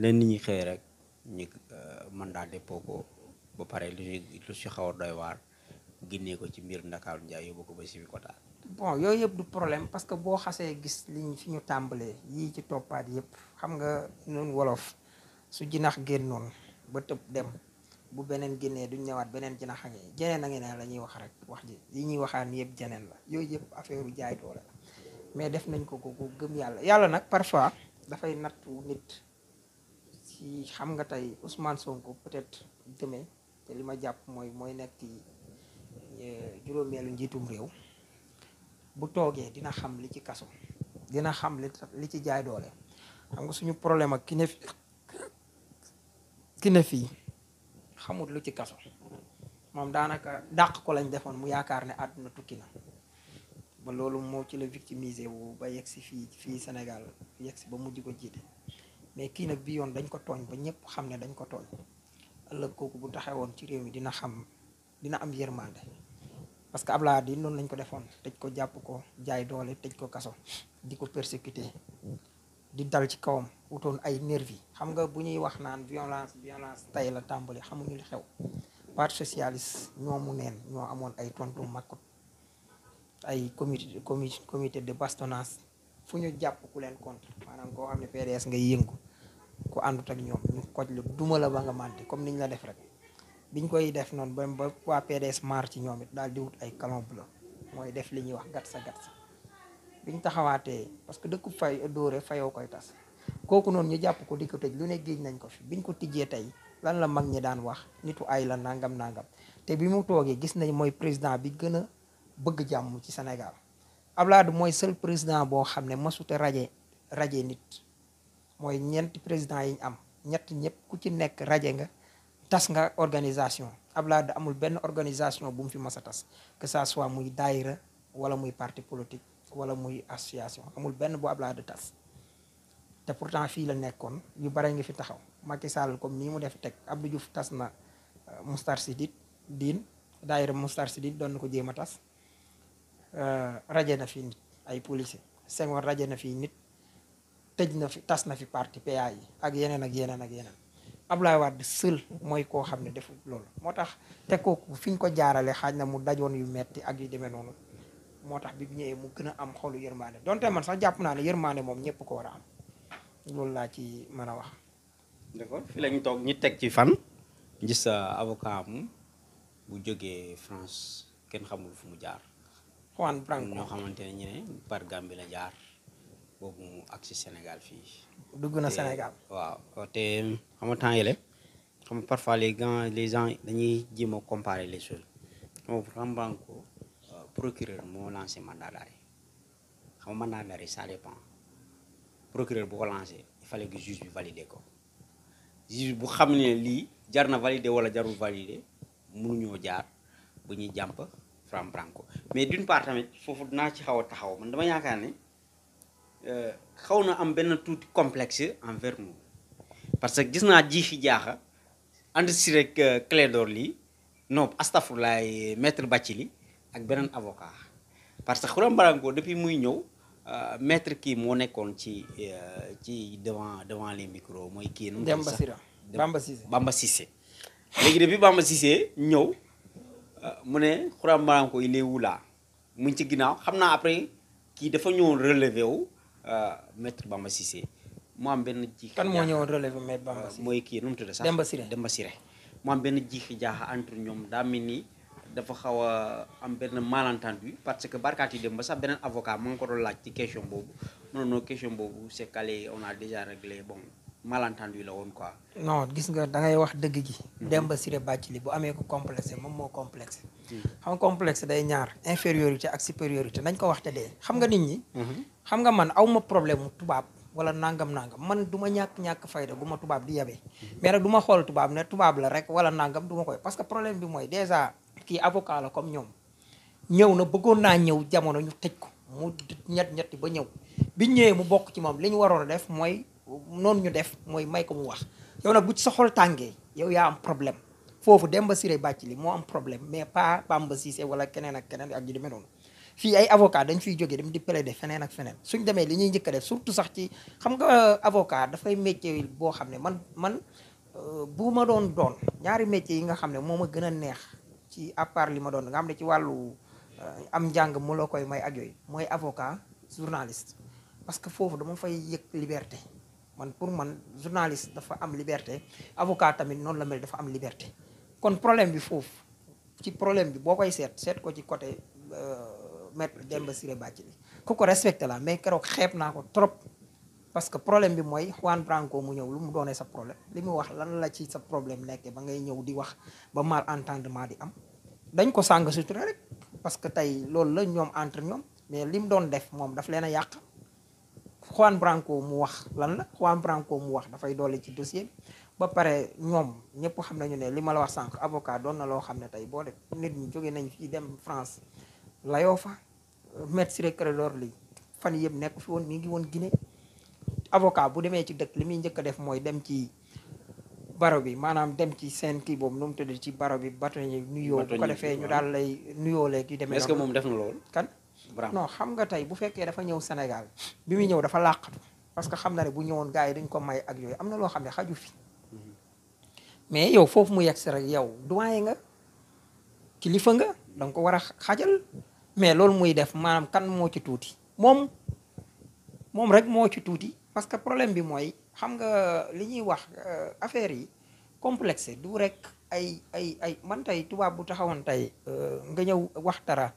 leen nit ñi xëy rek ñu mën laa dépôt ko ba pare lu si xaw a doy waar génnee ko ci mbir Ndakaaru Ndiaye yóbbu ko ba Sébikotane. bon yooyu yëpp du problème parce que boo xasee gis liñ fi ñu tàmbalee yii ci toppaat yëpp xam nga noonu wolof su jinax génnoon ba tëb dem bu beneen génnee duñ ñëwaat beneen jinax a ngi jeneen a ngi ne la ñuy wax rek wax ji yi ñuy waxaan yëpp jeneen la yooyu yëpp affaire u jaay doole mais def nañ ko ko gëm yàlla yàlla nag parfois dafay nattu nit ci xam nga tey Ousmane Sonko peut-être te li ma jàpp mooy mooy nekk ci e, juróomeelu njiitum réew bu toogee dina xam li ci kaso dina xam li li ci jaay doole xam nga suñu problème ak ki ne fi ki ne fii xamut lu ci kaso moom daanaka dàq ko lañ defoon mu yaakaar ne àdduna tukki na ba loolu moo ci la victimisé woo ba yegg si fii fii Sénégal yegg si ba mujj ko jiite mais kii nag bi yoon dañ ko tooñ ba ñëpp xam ne dañ ko tooñ ëllëg kooku bu taxawoon ci réew mi dina xam dina am yërmande parce que Abdoulaye noonu lañ ko defoon tëj ko jàpp ko jaay doole tëj ko kaso di ko persécuté di dal ci kawam wutoon ay nervi xam nga bu ñuy wax naan violence violence tey la tàmbali xamuñu xew parti socialiste ñoo mu neen ñoo amoon ay tontu makkut ay comité comité de bastonnage fu ñu jàpp ku leen contre maanaam koo xam ne PDS ngay yëngu ku àndut ak ñoom ñu koj la duma la ba nga mànti comme niñ la def rek biñ koy def noonu ba ba waa PDS maar ci ñoom it daal di wut ay calon bleu mooy def li ñuy wax gat sa biñ taxawaatee parce que dëkku fay dóore fayoo koy tas kooku noonu ñu jàpp ko di ko tëj lu ne nañ ko fi biñ ko tijjee tey lan la mag ñi daan wax nitu ay la nangam nangam te bi mu toogee gis nañ mooy président bi gën a bëgg jàmm ci Sénégal Abdoulaye Wade mooy seul président boo xam ne masute raje raje nit mooy ñeenti président yi am ñett ñëpp ku ci nekk raje nga tas nga organisation Abdoulaye da amul benn organisation bu mu fi mas a tas que sa soit muy daayira wala muy parti politique wala muy association amul benn bu Abdoulaye da tas te pourtant fii la nekkoon yu bare nga fi taxaw Macky Sall comme nii mu def teg ab Abdou Diouf tas na euh, Moustarchidine diin daayira Moustarchidine doon na ko jéem a tas euh, raje na fii nit ay policier Senghor raje na fii nit tëj na fi tas na fi parti PA yi ak yeneen ak yeneen ak yeneen Abdoulaye Wade seul mooy koo xam ne def loolu moo tax te kooku fi ko jaarale xaaj na mu dajoon yu metti ak yu demee noonu moo tax bi ñëwee mu gën a am xolu yërmaande donte man sax jàpp naa ne yërmaande moom ñëpp ko war a am loolu laa ci mën a wax. d'accord lañ toog ñu teg ci fan. gis avocat mu bu jógee France kenn xamul fu mu jaar. Juan Branco ñoo xamante ne ñu ne par Gambie la jaar. boobu mu agsi Sénégal fii. na Sénégal waaw te xam nga temps yële xam nga parfois les gens les gens dañuy jéem a comparer les choses xam nga xam ko procureur moo lancé mandat d'arrêt xam nga mandat d'arrêt ça dépend procureur bu ko lancé il fallait que juge bi validé ko juge bu xam ne lii jar na validé wala jarul validé mënuñoo jaar bu ñuy jàmp Fran Branco mais d'une part tamit foofu naa ci xaw a taxaw man dama yaakaar ne. Euh, xaw na am benn tuuti complex envers nous parce que gis naa ji fi jaaxa ànd si li euh, Clédor lii non astafurlaay maître Bathily ak beneen avocat parce que Khourame Barango depuis muy ñëw euh, maître kii moo nekkoon ci ci devant devant les micro mooy kii. nu mu sax Bamba Cissé Bamba léegi depuis Bamba ñëw mu ne Khourame Barango il est où là mu ci ginnaaw xam naa après kii dafa ñëwul relevé wu. Euh, maître Bamba Cissé mu am benn jiixi. kan moo ñëwoon relevé maître Bamba Cissé euh, mooy kii nu mu tudd sax Demba Siré Demba Siré mu am benn jiixi jaaxa entre ñoom daa mel ni dafa xaw a am benn malentendu parce que barkaat yi dem ba sax beneen avocat mu ngi ko doon laaj ci question boobu mu ne non question boobu c'est calé on a déjà réglé bon. malentendu la woon quoi. non gis nga dangay wax dëgg ji mm-hmm. Demba Ciré li bu amee ko complexe moom moo complexe. Mm. xam complexe day ñaar infériorité ak supériorité nañ ko wax te dee xam nga nit ñi. Mm-hmm. xam nga man aw ma problème mu tubaab wala nangam nangam man du ma ñàkk ñàkk fayda gu ma tubaab di yabee. Mm-hmm. mais nag du ma xool tubaab ne tubaab la rek wala nangam duma koy parce que problème bi mooy déjà kii avocat la comme ñoom ñëw na bëggoon naa ñëw jamono ñu tëj ko mu ñett ñetti ba ñëw bi ñëwee mu bokk ci moom li ñu waroon a def mooy. noonu ñu def mooy may ko mu wax yow nag bu ci sa tàngee yow yaa am problème foofu dem Demba Ciré li moo am problème mais pas Bamba Cissé wala keneen ak keneen ak ju demee noonu fii ay avocat dañ fiy jógee dem di plaider feneen ak feneen suñ demee li ñuy njëkk a ci xam nga avocat dafay métier boo xam ne man man euh, bu ma doon doon ñaari métier yi nga xam ne moo ma gën a neex ci à part li ma doon nga xam ne ci wàllu euh, am njàng mu la koy may ak yooyu mooy avocat journaliste parce que foofu dama fay yëg liberté man pour man journaliste dafa am liberté avocat tamit noonu la mel dafa am liberté kon problème bi foofu ci problème bi boo koy seet seet ko ci côté euh, maître Demba Ciré Bathily ku ko respecté la mais keroog xeeb naa ko trop parce que problème bi mooy Juan Branco mu ñëw lu mu doonee sa problème li mu wax lan la ci sa problème nekkee ba ngay ñëw di wax ba mal entendement di am dañ ko sàng sutura rek parce que tey loolu la ñoom entre ñoom mais li mu doon def moom daf leen a yàq Juan Branco mu wax lan la Juan Branco mu wax dafay doole ci dossier ba pare ñoom ñëpp xam nañu ne li ma la wax sànq avocat doon na loo xam ne tey boo def nit ñi jóge nañ fii dem France layoo fa maître Ciré Clédor Ly fan yëpp nekk fi woon mi ngi woon Guinée avocat bu demee ci dëkk li muy njëkk def mooy dem ci baro bi maanaam dem ci seen kii boobu nu mu tëdd ci baro bi bato yi nuyoo bu ko defee ñu daal lay nuyoo léegi yu demee est-ce que moom def na lool kan non xam nga tey bu fekkee dafa ñëw Sénégal bi muy ñëw dafa làqatu parce que xam na ne bu ñëwoon gars yi dañ ko may ak yooyu am na loo xam ne xaju fi mm-hmm. mais yow foofu mu yegg si rek yow doyen nga kilifa nga danga ko war a xajal mais loolu muy def maanaam kan moo ci tuuti moom moom rek moo ci tuuti parce que problème bi mooy xam nga li ñuy wax euh, affaire yi complexe du rek ay ay ay man tey tubaab bu taxawoon tey euh, nga ñëw wax dara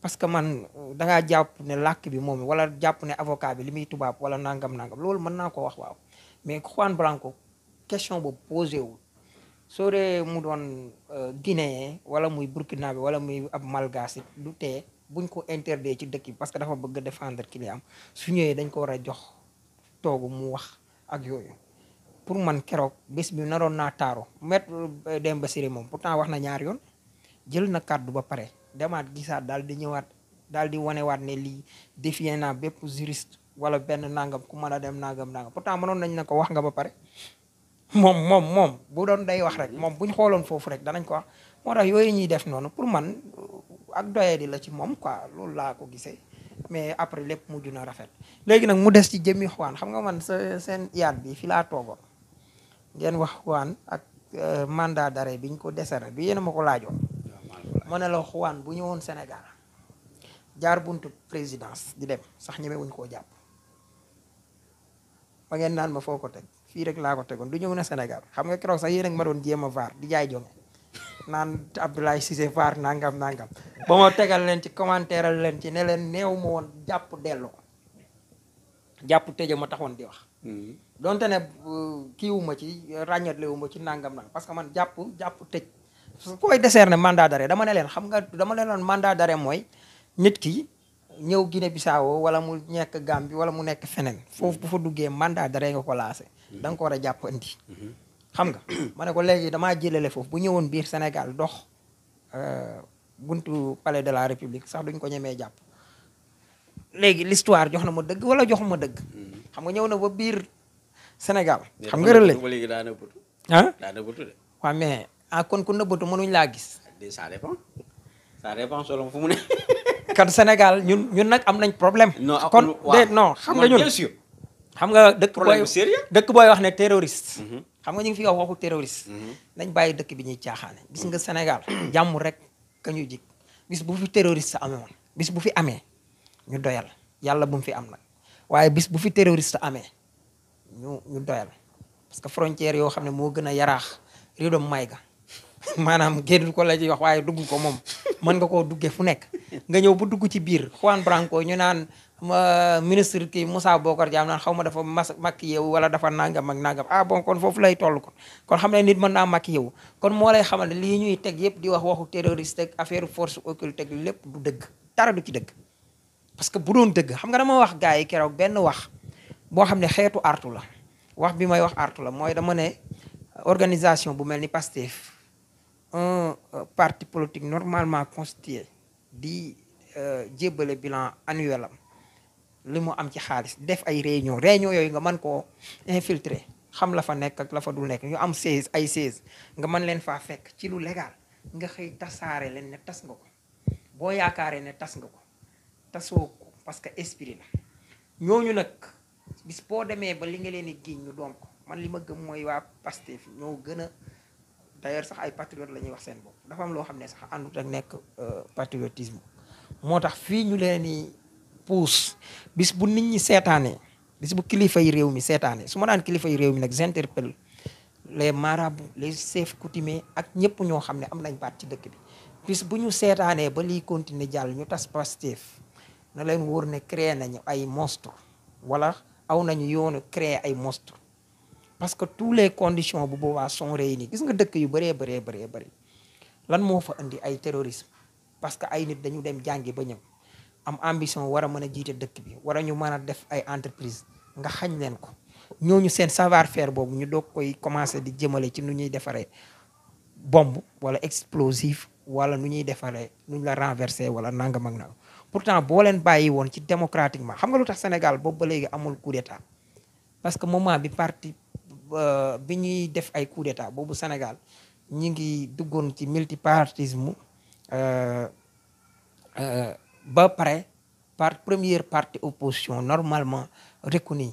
parce que man dangaa jàpp ne làkk bi moom wala jàpp ne avocat bi li muy tubaab wala nangam nangam loolu mën naa ko wax waaw mais Juan Branco question boobu posé wul soo dee mu doon euh, Guinéen wala muy Burkina bi wala muy ab Malgache du tee buñ ko interdire ci dëkk bi parce que dafa bëgg defendre défendre client su ñëwee dañ ko war a jox toogu mu wax ak yooyu pour man keroog bés bi naroon naa taaru met Demba Ciré moom pourtant wax na ñaar yoon jël na kàddu ba pare demaat gisaat daal di ñëwaat daal di waat ne lii défier naa bépp juriste wala benn nangam ku mën a dem nangam nangam pourtant mënoon nañ na ko wax nga ba pare moom moom moom bu doon day wax rek moom bu ñu xooloon foofu rek danañ ko wax moo tax yooyu ñuy def noonu pour man euh, ak doyee di la ci moom quoi loolu laa ko gisee mais après lépp mujj na rafet léegi nag mu des ci jëmmi xuwaan xam nga man sa seen yaat bi fi laa toogoon ngeen wax xuwaan ak euh, mandat d'arrêt bi ñu ko desere bi yéen a ma ko laajoon ma ne la xuwaan bu ñëwoon Sénégal jaar buntu présidence di dem sax ñemewuñ koo jàpp ba ngeen naan ma foo ko teg fii rek laa ko tegoon du ñëw na Sénégal xam nga keroog sax yéen ak ma doon jéem a vaar di jaay jonge naan Abdoulaye Cissé vaar nangam nangam ba ma tegal leen ci commentaire leen ci ne leen néew ma woon jàpp dellu ko jàpp tëje ma taxoon di wax mm-hmm. donte ne euh, kiiwu ma ci ràññatlewu ma ci nangam na parce que man jàpp jàpp tëj su koy décerner mandat d'arrêt dama ne leen xam nga dama ne leen mandat mooy nit ki ñëw Guinée Bissau wala mu nekk Gambie wala mu nekk feneen foofu bu fa duggee mandat d'arrêt nga ko laase mhm. da nga ko war a jàpp indi mhm. xam nga ma ne ko léegi damaa jëlale foofu bu ñëwoon biir Sénégal dox euh, buntu palais de la République sax duñ ko ñemee jàpp léegi l'histoire jox na ma dëgg wala jox ma dëgg mhm. xam nga ñëw na ba biir Sénégal xam nga rële ah waa mais ah kon ku nëbbatu mënuñ laa gis. sa dépend ça dépend fu mu ne. kon Sénégal ñun ñun nag am nañ problème. non kon de non xam nga ñun. xam nga dëkk booy dëkk booy wax ne terroriste. Mhm. xam nga ñu fi wax waxu terroriste. Mhm. nañ bàyyi dëkk bi ñuy caaxaane gis mhm. nga Sénégal jàmm rek ka ñu jig bis bu fi terroriste amee woon bis bu fi amee ñu doyal yàlla bu fi am nag waaye bis bu fi terroriste amee ñu ñu doyal parce que frontière yoo xam ne moo gën a yaraax réewum may ga maanaam génn ko la ci wax waaye dugg ko moom mën nga koo duggee fu nekk nga ñëw bu dugg ci biir Juan Branco ñu naan ministre ki Moussa Bocar Diam naan xaw ma dafa mas makk yeewu wala dafa nangam ak nangam ah bon kon foofu lay toll kon kon xam ne nit mën naa makk yeewu kon moo lay xamal ne ñuy teg yëpp di wax waxu terroriste ak affaire force occulte teg lépp du dëgg dara du ci dëgg parce que bu doon dëgg xam nga dama wax gars yi keroog benn wax boo xam ne xeetu artu la wax bi may wax artu la mooy dama ne organisation bu mel un euh, parti politique normalement constitué di euh, jébbale bilan annuel am li mu am ci xaalis def ay réunion réunion yooyu nga man koo infiltrer xam la fa nekk ak la fa dul nekk ñu am 16 ay 16 nga man leen faa fekk ci lu légal nga xëy tasaare leen ne tas nga ko boo yaakaaree ne tas nga ko tasoo ko parce que esprit la ñooñu nag bis boo demee ba li nga leen di giñ ñu doom ko man li ma gëm mooy waa Pastef ñoo gën a d'ailleurs sax ay patriote la ñuy wax seen bopp dafa loo xam ne sax àndut ak nekk euh, patriotisme moo tax fii ñu leen di puus bis bu nit ñi seetaanee bis bu kilifa yi réew mi seetaanee su ma naan kilifa yi réew mi nag j'interpelle les marabouts les seef coutumiers ak ñëpp ñoo xam ne am nañ baat ci dëkk bi bis bu ñu seetaanee ba liy continuer jàll ñu tas Pastef na leen wóor ne créer nañu ay monstre wala aw nañu yoonu créer ay monstre parce que tous les conditions bu boobaa sont réunies gis nga dëkk yu bëree bëree bëree bëri lan moo fa indi ay terrorisme parce que ay nit dañu dem jàngi ba ñëw am ambition war a mën a jiite dëkk bi war a ñu man a def ay entreprise nga xañ leen ko ñu seen savoir faire boobu ñu doog koy commencé di jëmale ci nu ñuy defaree bombe wala explosif wala nu ñuy defaree nu ñu la renversé wala nangam ak nangam pourtant boo leen bàyyi woon ci démocratiquement xam nga lu tax Sénégal boobu ba léegi amul coup bi ñuy def ay coup d'état boobu senegal ñi ngi duggoon ci multipartisme euh, euh, ba pare par première partie opposition normalement ni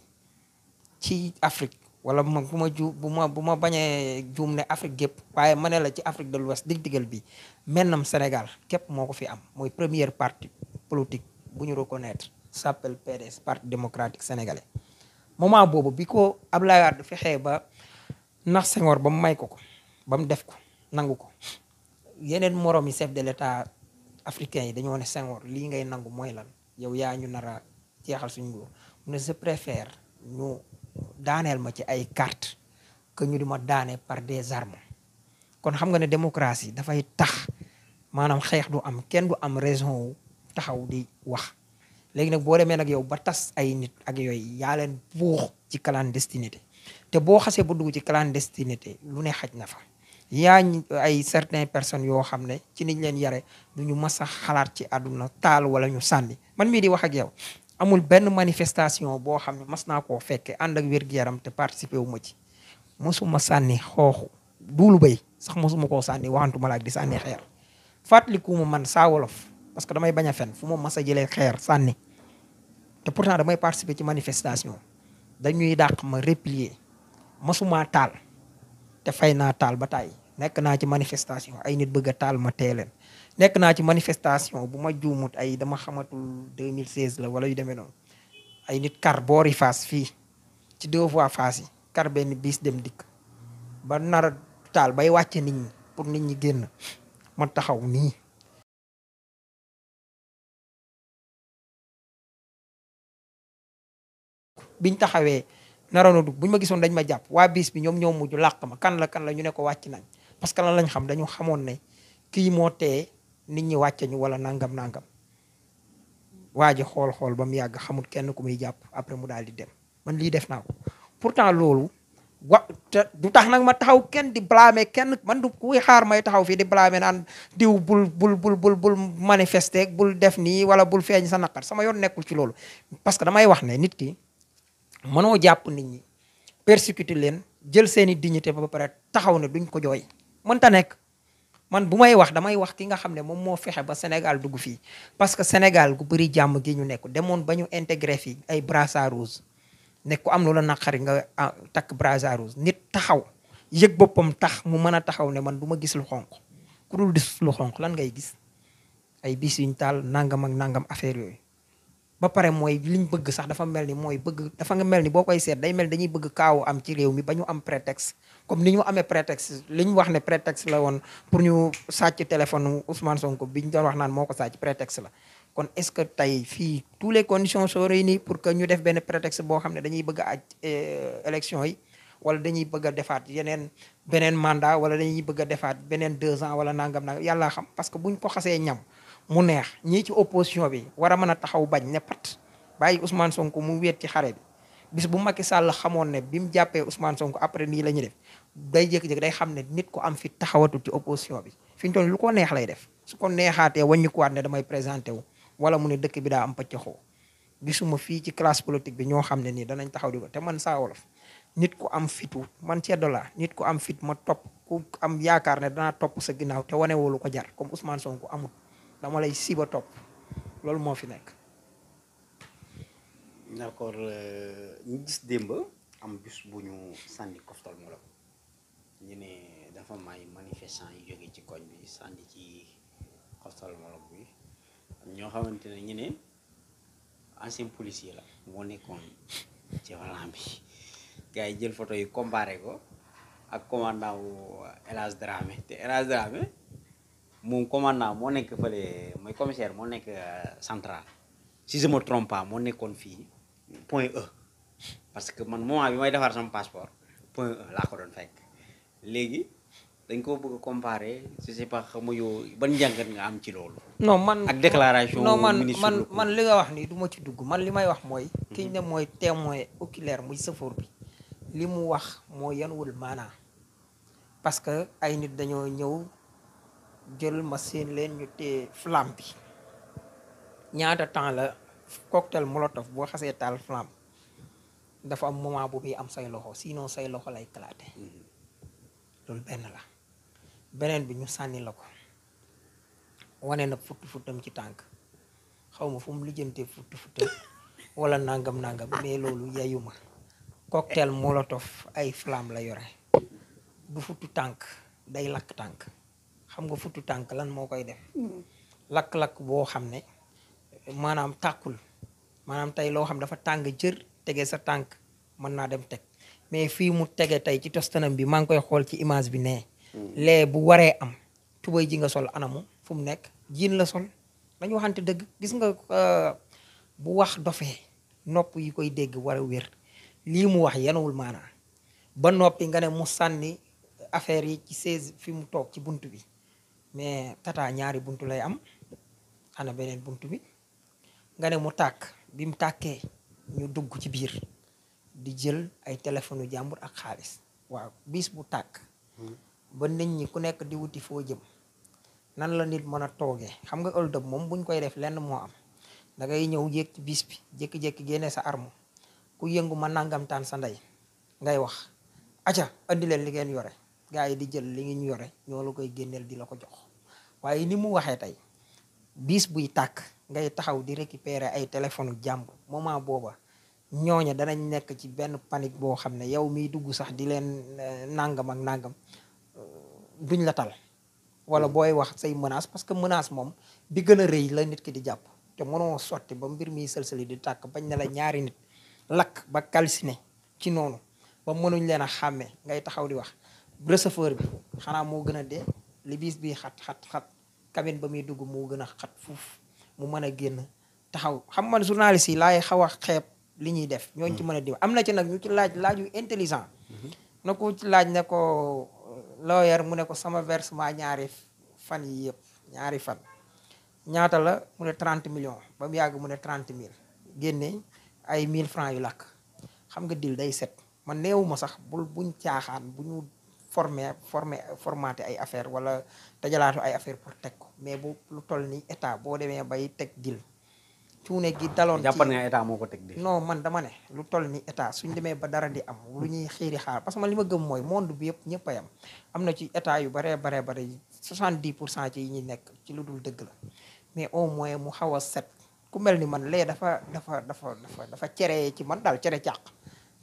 ci Afrique wala ma bu ma ju bu ma bu ma bañee juum ne Afrique gépp waaye ma ne la ci Afrique de l'Ouest dig-digal bi mennam Sénégal képp moo ko fi am mooy première partie politique bu ñu reconnaître s'appelle PDS Parti démocratique sénégalais moment boobu bi ko Abdoulaye du fexee ba nax sengoor ba mu may ko ko ba mu def ko nangu ko yeneen moroom yi chef de l'état africain yi dañoo ne Senghor lii ngay nangu mooy lan yow yaa ñu nar a jeexal suñ nguur mu ne je préfère ñu daaneel ma ci ay carte que ñu di ma daanee par des armes kon xam nga ne démocratie dafay tax maanaam xeex du am kenn du am raison wu taxaw di wax léegi nag boo demee nag yow ba tas ay nit ak yooyu yaa leen buux ci clandestinité te boo xasee ba dugg ci clandestinité lu ne xaj na fa yaa ay certaines personnes yoo xam ne ci niñ leen yare du ñu mës a xalaat ci àdduna taal wala ñu sànni man mii di wax ak yow amul benn manifestation boo xam ne mas naa koo fekke ànd ak wér yaram te participer wu ma ci mosuma sànni xooxu duulu bay sax mosuma koo sànni waxantuma la ak di sànni xeer fàttalikuuma man saa wolof parce que damay baña a fen fu ma mas a jëlee xeer sànni te pourtant damay participer ci manifestation dañuy dàq ma replier masuma taal te fay naa taal ba tàyyi nekk naa ci manifestation ay nit bëgg a taal ma tee nekk naa ci manifestation bu ma juumut ay dama xamatul 2016 la wala yu demee noonu ay nit kar boori faas fii ci deux fois faas yi kar benn biis dem dikk ba nar taal bay wàcce nit ñi pour nit ñi génn ma taxaw nii biñ taxawee naroon na dugg buñ ma gisoon dañ ma jàpp waa biis bi ñoom ñoo mujj làkk ma kan la kan la ñu ne ko wàcc nañ parce que lan lañ xam dañu xamoon ne kii moo tee nit ñi wàcce ñu wala nangam nangam waa ji xool-xool ba mu yàgg xamul kenn ku muy jàpp après mu daal di dem man lii def naa ko pour temps loolu wa du tax nag ma taxaw kenn di blâmer kenn man du kuy xaar may taxaw fii di blâmer naan diw bul bul bul bul bul manifester bul def nii wala bul feeñ sa naqar sama yoon nekkul ci loolu parce que damay wax ne nit ki mënoo jàpp nit ñi persécuter leen jël seeni dignité ba pare taxaw ne duñ ko jooy mënta nekk man bu may wax damay wax ki nga xam ne moom moo fexe ba Sénégal dugg fii parce que Sénégal gu bëri jàmm gi ñu nekk demoon ba ñu intégré fii ay brassard rouge nekk am lu la naqari nga ah, takk brassard rouge nit taxaw yëg boppam tax mu mën a taxaw ne man du ma gis lu xonq ku dul gis lu xonq lan ngay gis ay bis yuñ taal nangam ak nangam affaire yooyu ba pare mooy liñ bëgg sax dafa mel ni mooy bëgg dafa nga mel ni boo koy seet day mel dañuy bëgg kaawu am ci réew mi ba ñu am prétexte comme ni ñu amee prétexte li ñu wax ne prétexte la woon pour ñu sàcc téléphone Ousmane Sonko bi ñu doon wax naan moo ko sàcc prétexte la kon est-ce que tey fii tous les conditions sont nii pour que ñu def benn prétexte boo xam ne dañuy bëgg a aj euh, élection yi wala dañuy bëgg defaat yeneen beneen mandat wala dañuy bëgg a defaat beneen deux ans wala nangam nangam yàlla xam parce que buñ ko xasee ñam mu neex ñii ci opposition bi war a mën a taxaw bañ ne pat bàyyi Ousmane Sonko mu wéet ci xare bi bis bu Macky Sall xamoon ne bi mu jàppee Ousmane Sonko après nii la ñuy def day jékki-jékki xam ne nit ko am fit taxawatul ci opposition bi fi ñu toll lu ko neex lay def su ko neexaatee wàññikuwaat ne damay présenté wu wala mu ne dëkk bi daa am pëccaxoo gisuma fii ci classe politique bi ñoo xam ne nii danañ taxaw di ko te man saa wolof nit ku am fitu man ceddo laa nit ku am fit ma topp ku am yaakaar ne danaa topp sa ginnaaw te wane woo lu ko jar comme Ousmane Sonko amul dama lay siba topp loolu moo fi nekk. d'accord euh, ñu gis démb am bis bu ñu sànni koftal mu ñu ne dafa may ay yu jóge ci koñ bi sànni ci koftal mu la bi ñoo xamante ne ñu ne ancien policier la moo nekkoon ci wàllam bi gars jël photo yi comparé ko ak commandant wu El te El Hadj moom commandant moo nekk fële mooy commissaire moo nekk euh, central si je me trompe pas moo nekkoon fii point E parce que man moment bi may defar sama passeport point e léegi dañ ko bëgg a comparer je sais pas xam ban njàngat nga am ci loolu. noo man ak déclaration non man man man li nga wax nii du ma ci dugg man li may wax mooy. Mhm. ki ñu ne mooy témoin oculaire muy sëfoor bi li mu wax moo yanuwul maanaa parce que ay nit dañoo ñëw. jël machine leen ñu téye flamme bi ñaata temps la cocktail molotov boo xasee taal flamme dafa am moment bu muy am say loxo sinon say loxo lay éclater loolu benn la beneen bi ñu sànni la ko wane na futt futtam ci tànk xaw ma fu mu lijjantee futt futtam wala nangam nangam mais loolu yayuma cocktail molotov ay flamme la yore du futtu tànk day lakk tànk xam nga futtu tànk lan moo koy def mm. lakk-lakk boo xam ne maanaam tàkkul maanaam tey loo xam dafa tàng jër tege sa tànk mën naa dem teg mais fii mu tege tey ci tostanam bi maa ngi koy xool ci image bi ne mm. lee bu waree am tubay ji nga sol anamu fu mu nekk jiin la sol dañu waxante dëgg gis nga euh, bu wax dofee nopp yi koy dégg war a wér lii mu wax yenuwul maanaa ba noppi nga ne mu sànni affaire yi ci 16 fi mu toog ci bunt bi mais tata ñaari buntu lay am ana beneen buntu bi nga ne mu tàkk bi mu tàkkee ñu dugg ci biir di jël ay téléphone u jàmbur ak xaalis waaw biis bu tàkk hmm. ba nit ñi ku nekk di wuti foo jëm nan la nit mën a toogee xam nga ëldëb moom buñ koy def lenn moo am dangay ñëw yéeg biis bi jékki-jékki génnee sa arme ku yëngu ma nangamtaan sa ndey ngay wax aca andi leen li ngeen yore gars yi di jël li ngeen yore ñoo la koy génneel di la ko jox waaye ni mu waxee tey bis buy tàkk ngay taxaw di récupérer ay téléphone jàmbur moment booba ñooña danañ nekk ci benn panique boo xam ne yow mii dugg sax di leen eh, nangam ak nangam eh, duñ la tal wala booy wax say menace parce que menace moom bi gën a rëy la nit ki di jàpp te mënoo sotti ba mbir mii mi sëlsëli di tàkk bañ ne la ñaari nit lakk ba calciné ci noonu ba mënuñ leen a xàmmee ngay taxaw di wax receveur bi xanaa moo gën a dee li bis bi xat xat cabine ba muy dugg moo gën a xat fuuf mu mën a génn taxaw xam man journaliste yi laay xaw a xeeb li ñuy def ñooñ ci mm-hmm. mën a dim am na ci nag ñu ci laaj laaj yu intelligent mm-hmm. na ko ci laaj ne ko euh, lawyer mu ne ko sama versement ñaari fan yi yëpp ñaari fan ñaata la mu ne 30 million ba mu yàgg mu ne 30 mille génne ay 1000 francs yu làkk xam nga dil day set man néewu sax bul buñ caaxaan bu ñu formé formé formaté ay affaire wala dajalaatu ay affaire pour teg ko mais bu lu toll ni état boo demee bay teg dil cuune gi daloon ci jàppal nga moo ko teg dil non man dama ne lu toll ni état suñ demee ba dara di am lu ñuy xiiri xaar parce li ma gëm mooy monde bi yëpp ñëpp a yam ci état yu baree baree bare 70 pour cent ci ñu nekk ci lu dul dëgg la mais au moins mu xaw a set ku mel ni man lee dafa dafa dafa dafa dafa cere ci man daal cere càq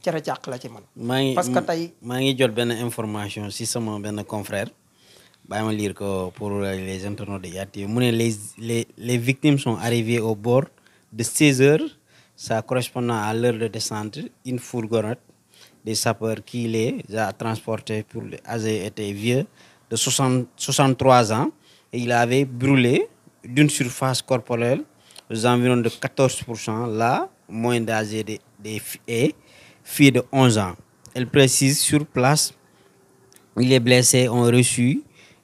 cere càq la ci man. maa ngi parce que maa ngi jot benn information si sama benn confrère bàyyi ma lire ko pour les internautes de IYAT mu ne les les les victimes sont arrivées au bord de 16 heures ça correspondant à l'heure de descente une fourgonnette des sapeur qui les a transportés pour les âgés étaient vieux de 60 63 ans et il avait brûlé d'une surface corporelle aux environs de 14 pour cent la moyenne d'âge des des est fille de 11 ans. Elle précise sur place, les blessés ont reçu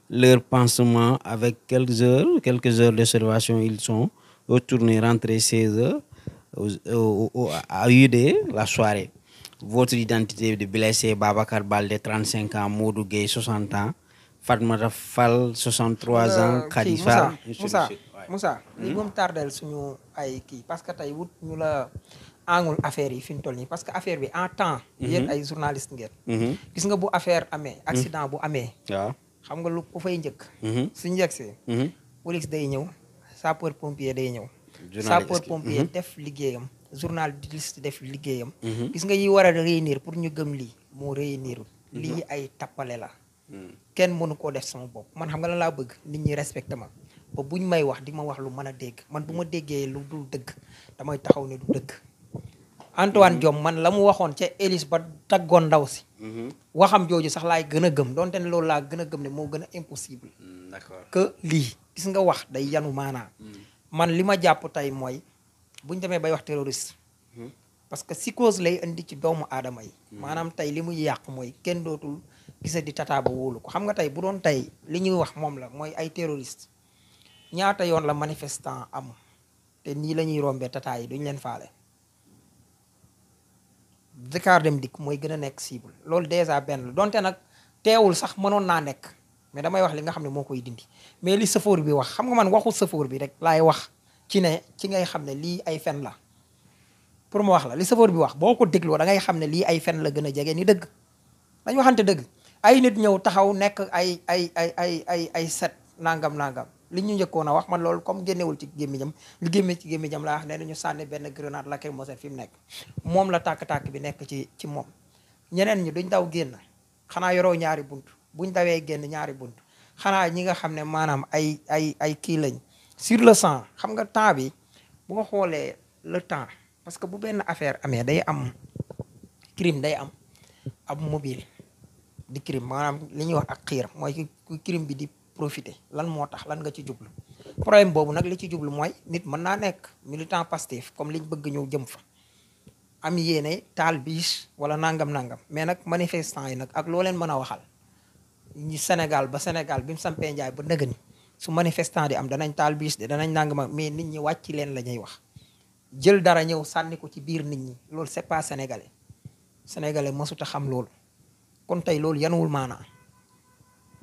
leur pansement avec quelques heures, quelques heures d'observation. Ils sont retournés rentrer 16 heures au, au, au, la soirée. Votre identité de blessé, Babacar Balde, 35 ans, Modou Gueye, 60 ans, Fatmata Fall, 63 euh, ans, Khalifa. Moussa angul affaire yi fi mu toll nii parce que affaire bi en temps. Mhm. yéen ay journaliste ngeen. Mhm. gis nga bu affaire amee. Mhm. accident bu amee. xam nga lu ku fay njëkk. su njëksee. police day ñëw sapeur pompier day ñëw. sapeur pompier def liggéeyam journaliste def liggéeyam. gis nga yi war a réunir pour ñu gëm lii moo réunir lii ay tappale la. kenn mënu koo def sama bopp man xam nga la laa bëgg nit ñi respecté ma ba buñ may wax di ma wax lu man a dégg man bu ma déggee lu dul dëgg damay taxaw ne du dëgg. Antoine mhm. Diome man la mu waxoon ca Élise ba taggoon ndaw si. Mhm. waxam jooju sax laay gën a gëm donte ne loolu laa gën a gëm ne moo gën a impossible. Mm, d'accord que lii gis nga wax day yanu maanaa. Mm. man li ma jàpp tey mooy bu ñu demee bay wax terroriste. Mhm. parce que psychose lay indi ci doomu aadama yi. Mm. maanaam tey li muy yàq mooy kenn dootul gisati tata ba wóolu ko xam nga tey bu doon tey li ñuy wax moom la mooy ay terroriste ñaata yoon la manifestant am te nii la ñuy rombee tata yi duñ leen faale. Dakar Dem Dikk mooy gën a nekk cible loolu dèjà benn la donte nag teewul sax mënoon naa nekk mais damay wax li nga xam ne moo koy dindi mais li sëfoor bi wax xam nga man waxu sëfoor bi rek laay wax ci ne ci ngay xam ne lii ay fen la pour mu wax la li sëfoor bi wax boo ko dégloo da ngay xam ne lii ay fen la gën a jege ni dëgg dañ te dëgg ay nit ñëw taxaw nekk ay ay ay ay ay ay set nangam nangam li ñu njëkkoon a wax ma loolu comme génnewul ci gémmiñam li génne ci gémmiñam laa wax nee na ñu sànni benn grenade lacrymogène fi mu nekk moom la tàkk-tàkk bi nekk ci ci moom ñeneen ñi duñ daw génn xanaa yoroo ñaari bunt buñ dawee génn ñaari bunt xanaa ñi nga xam ne maanaam ay ay ay kii lañ sur le sang xam nga temps bi boo xoolee le temps parce que bu benn affaire amee day am crime day am ab mobile di crime maanaam li ñuy wax ak xiir mooy ki crime bi di profité lan moo tax lan nga ci jublu problème boobu nag li ci jublu mooy nit mën naa nekk militant Pastef comme liñ bëgg ñëw jëm fa am yéene taal biis wala nangam nangam mais nag manifestant yi nag ak loo leen mën a waxal ñi Sénégal ba Sénégal bim mu sampee njaay ba nëgëni su manifestant di am danañ taal biis de danañ nangam mais nit ñi wàcc leen la ñuy wax jël dara ñëw sànni ko ci biir nit ñi loolu c'est pas sénégalais sénégalais mësut a xam loolu kon tey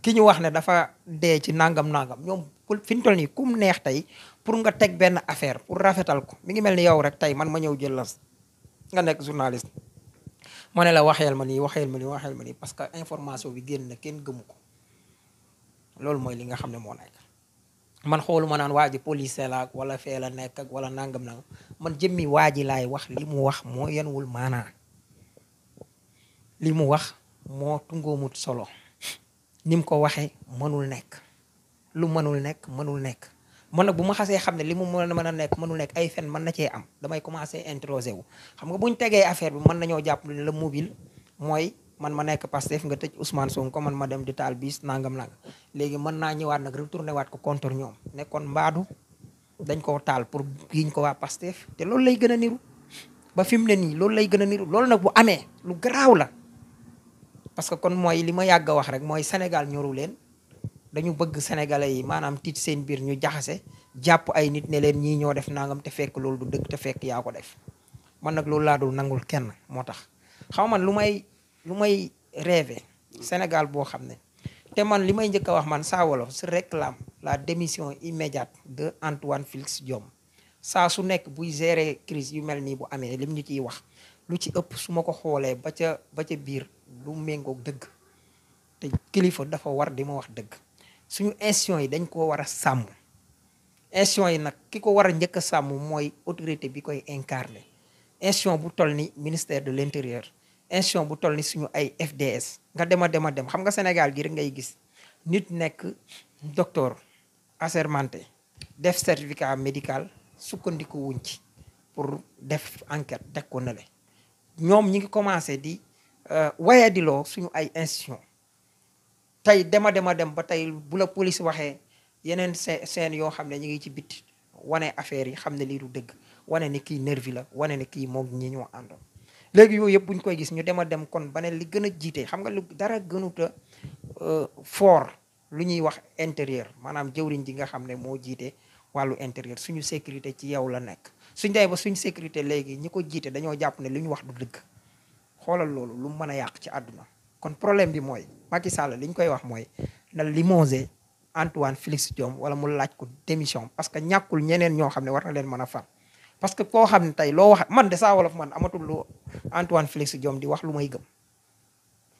ki ñu wax ne dafa dee ci nangam nangam ñoom pour fi ñu toll nii kum neex tey pour nga teg benn affaire pour rafetal ko mi ngi mel ni yow rek tey man ma ñëw jël nga nekk journaliste. ma ne la waxeel ma nii waxeel ma nii waxeel ma nii parce que information bi génn na kenn gëmu ko loolu mooy li nga xam ne moo nekk. man xooluma naan waa ji policier la wala fee la nekk ak wala nangam nangam man jëmmi waa laay wax li mu wax moo wul maanaa li mu wax moo tungoomut solo. ni mu ko waxee mënul nekk lu mënul nekk mënul nekk man nag bu ma xasee xam ne li mu mën a mën a nekk mënul nekk ay fen mën na cee am damay commencé introsé wu xam nga buñ ñu tegee affaire bi mën nañoo jàpp ne le mobile mooy man ma nekk Pastef nga tëj Ousmane Sonko man ma dem di taal bis nangam nangam léegi mën naa ñëwaat nag retourné waat ko contre ñoom nekkoon mbaadu dañ koo taal pour giñ ko waa Pastef te loolu lay gën a niru ba fi mu ne nii loolu lay gën a niru loolu nag bu amee lu garaaw la parce que kon mooy li ma yàgg wax rek mooy Sénégal ñoru leen dañu bëgg sénégalais yi maanaam tiit seen biir ñu jaxase jàpp ay nit ñi leen ñii ñoo def nangam te fekk loolu du dëkk te fekk yaa ko def man nag loolu laa dul nangul kenn moo tax xaw man lu may lu may rêvé Sénégal boo xam ne te man li may njëkk a wax man saa wolof se réclame la démission immédiate de Antoine Félix Diome saa su nekk buy gérer crise yu mel nii bu amee lim ñu ciy wax lu ci ëpp su ma ko xoolee ba ca ba ca biir du méngoog dëgg te kilifa dafa war di ma wax dëgg suñu institution yi dañ koo war a sàmm institution yi nag ki ko war a njëkk a sàmm mooy autorité bi koy incarné institution bu toll ni ministère de l'intérieur institution bu toll ni suñu ay FDS nga dema dema dem xam nga Sénégal gi rek ngay gis nit nekk docteur assermenté def certificat médical sukkandiku wuñ ci pour def enquête teg ko na le ñoom ñi ngi commencé di Euh, wayadiloo suñu ay institution tey dema dema dem ba tey bu la police waxee yeneen see seen yoo xam ne ñu ngi ci bit wane affaire yi xam ne lii du dëgg wane ne kii nervi la wane ne kii moog ñi ñoo àndoon léegi yooyu yëpp ñu koy gis ñu dema dem kon ba ne li gën a jiite xam nga lu dara gënuta euh, fort lu ñuy wax intérieur maanaam jëwriñ ji nga xam ne moo jiite wàllu intérieur suñu sécurité ci yow la nekk suñ demee ba suñu sécurité léegi ñi ko jiite dañoo jàpp ne lu ñu wax du dëgg xoolal loolu lu mu mën a yàq ci àdduna kon problème bi mooy Macky Sall li ñu koy wax mooy na limoger Antoine Félix Diome wala mu laaj ko démission parce que ñàkkul ñeneen ñoo xam ne war na leen mën a far parce que koo xam ne tey loo wax man de saa wolof man amatul lu Antoine Félix Diome di wax lu may gëm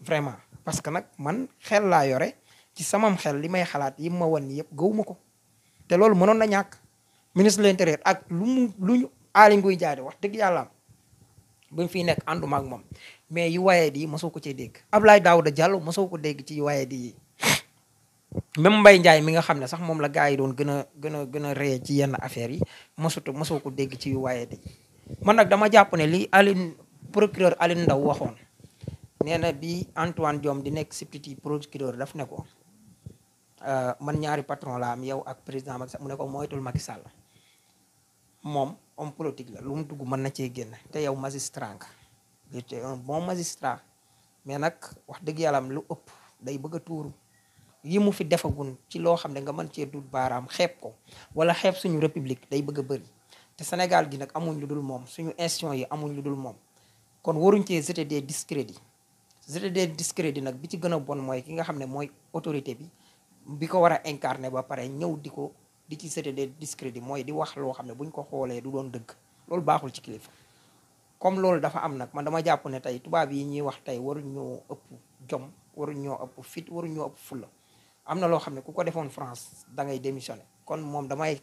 vraiment parce que nag man xel laa yore ci samam xel li may xalaat yi ma wan yëpp gawuma ko te loolu mënoon na ñàkk ministre de l'intérieur ak lu mu lu ñu aali nguy wax dëgg yàlla ba mu fiy nekk ànduma ak moom mais yu waaye di mosoo ko cee dégg Ablaye Daouda Diallo mosoo ko dégg ci waaye di même Mbaye Ndiaye mi nga xam ne sax moom la gars yi doon gën a gën gën a ree ci yenn affaires yi mosut mosoo ko dégg ci yu waaye di man nag dama jàpp ne li Aline procureur Aline Ndaw waxoon nee na bi Antoine Diome di nekk substitut procureur daf ne ko euh, man ñaari patron la am yow ak président Macky Sall mu ne ko moytul Macky Sall moom homme politique la lu mu dugg mën na cee génn te yow magistrat nga te un bon magistrat mais nag wax dëgg yàlla lu ëpp day bëgg a tuuru yi mu fi defagun ci loo xam ne nga mën cee dut baaraam xeep ko wala xeeb suñu république day bëgg a bëri te Sénégal gi nag amuñ lu dul moom suñu institution yi amuñ lu dul moom kon waruñ cee jeter des discrédits des discrédits nag bi ci gën a bon mooy ki nga xam ne mooy autorité bi bi ko war a incarner ba pare ñëw di ko di ci seetee discrédit mooy di wax loo xam ne bu ñu ko xoolee du doon dëgg loolu baaxul ci kilifa comme loolu dafa am nag man dama jàpp ne tey tubaab yi ñuy wax tey waruñoo ëpp jom waruñoo ëpp fit waruñoo ëpp fulla am na loo xam ne ku ko defoon France dangay ngay kon moom damay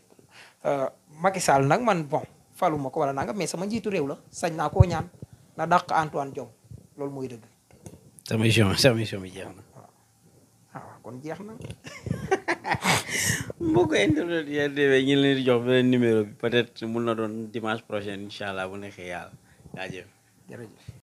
euh, Macky Sall nag man bon faluma ma ko wala nanga mais sama njiitu réew la sañ naa koo ñaan na dàq Antoine Diome loolu mooy dëgg. sa mission sa bi jeex na. kon jeex na mbokk internet IYTV ñu leen di jox beneen numéro bi peut-être mun na doon dimanche prochain incha allah bu neexee yàlla jaajëf jërëjëf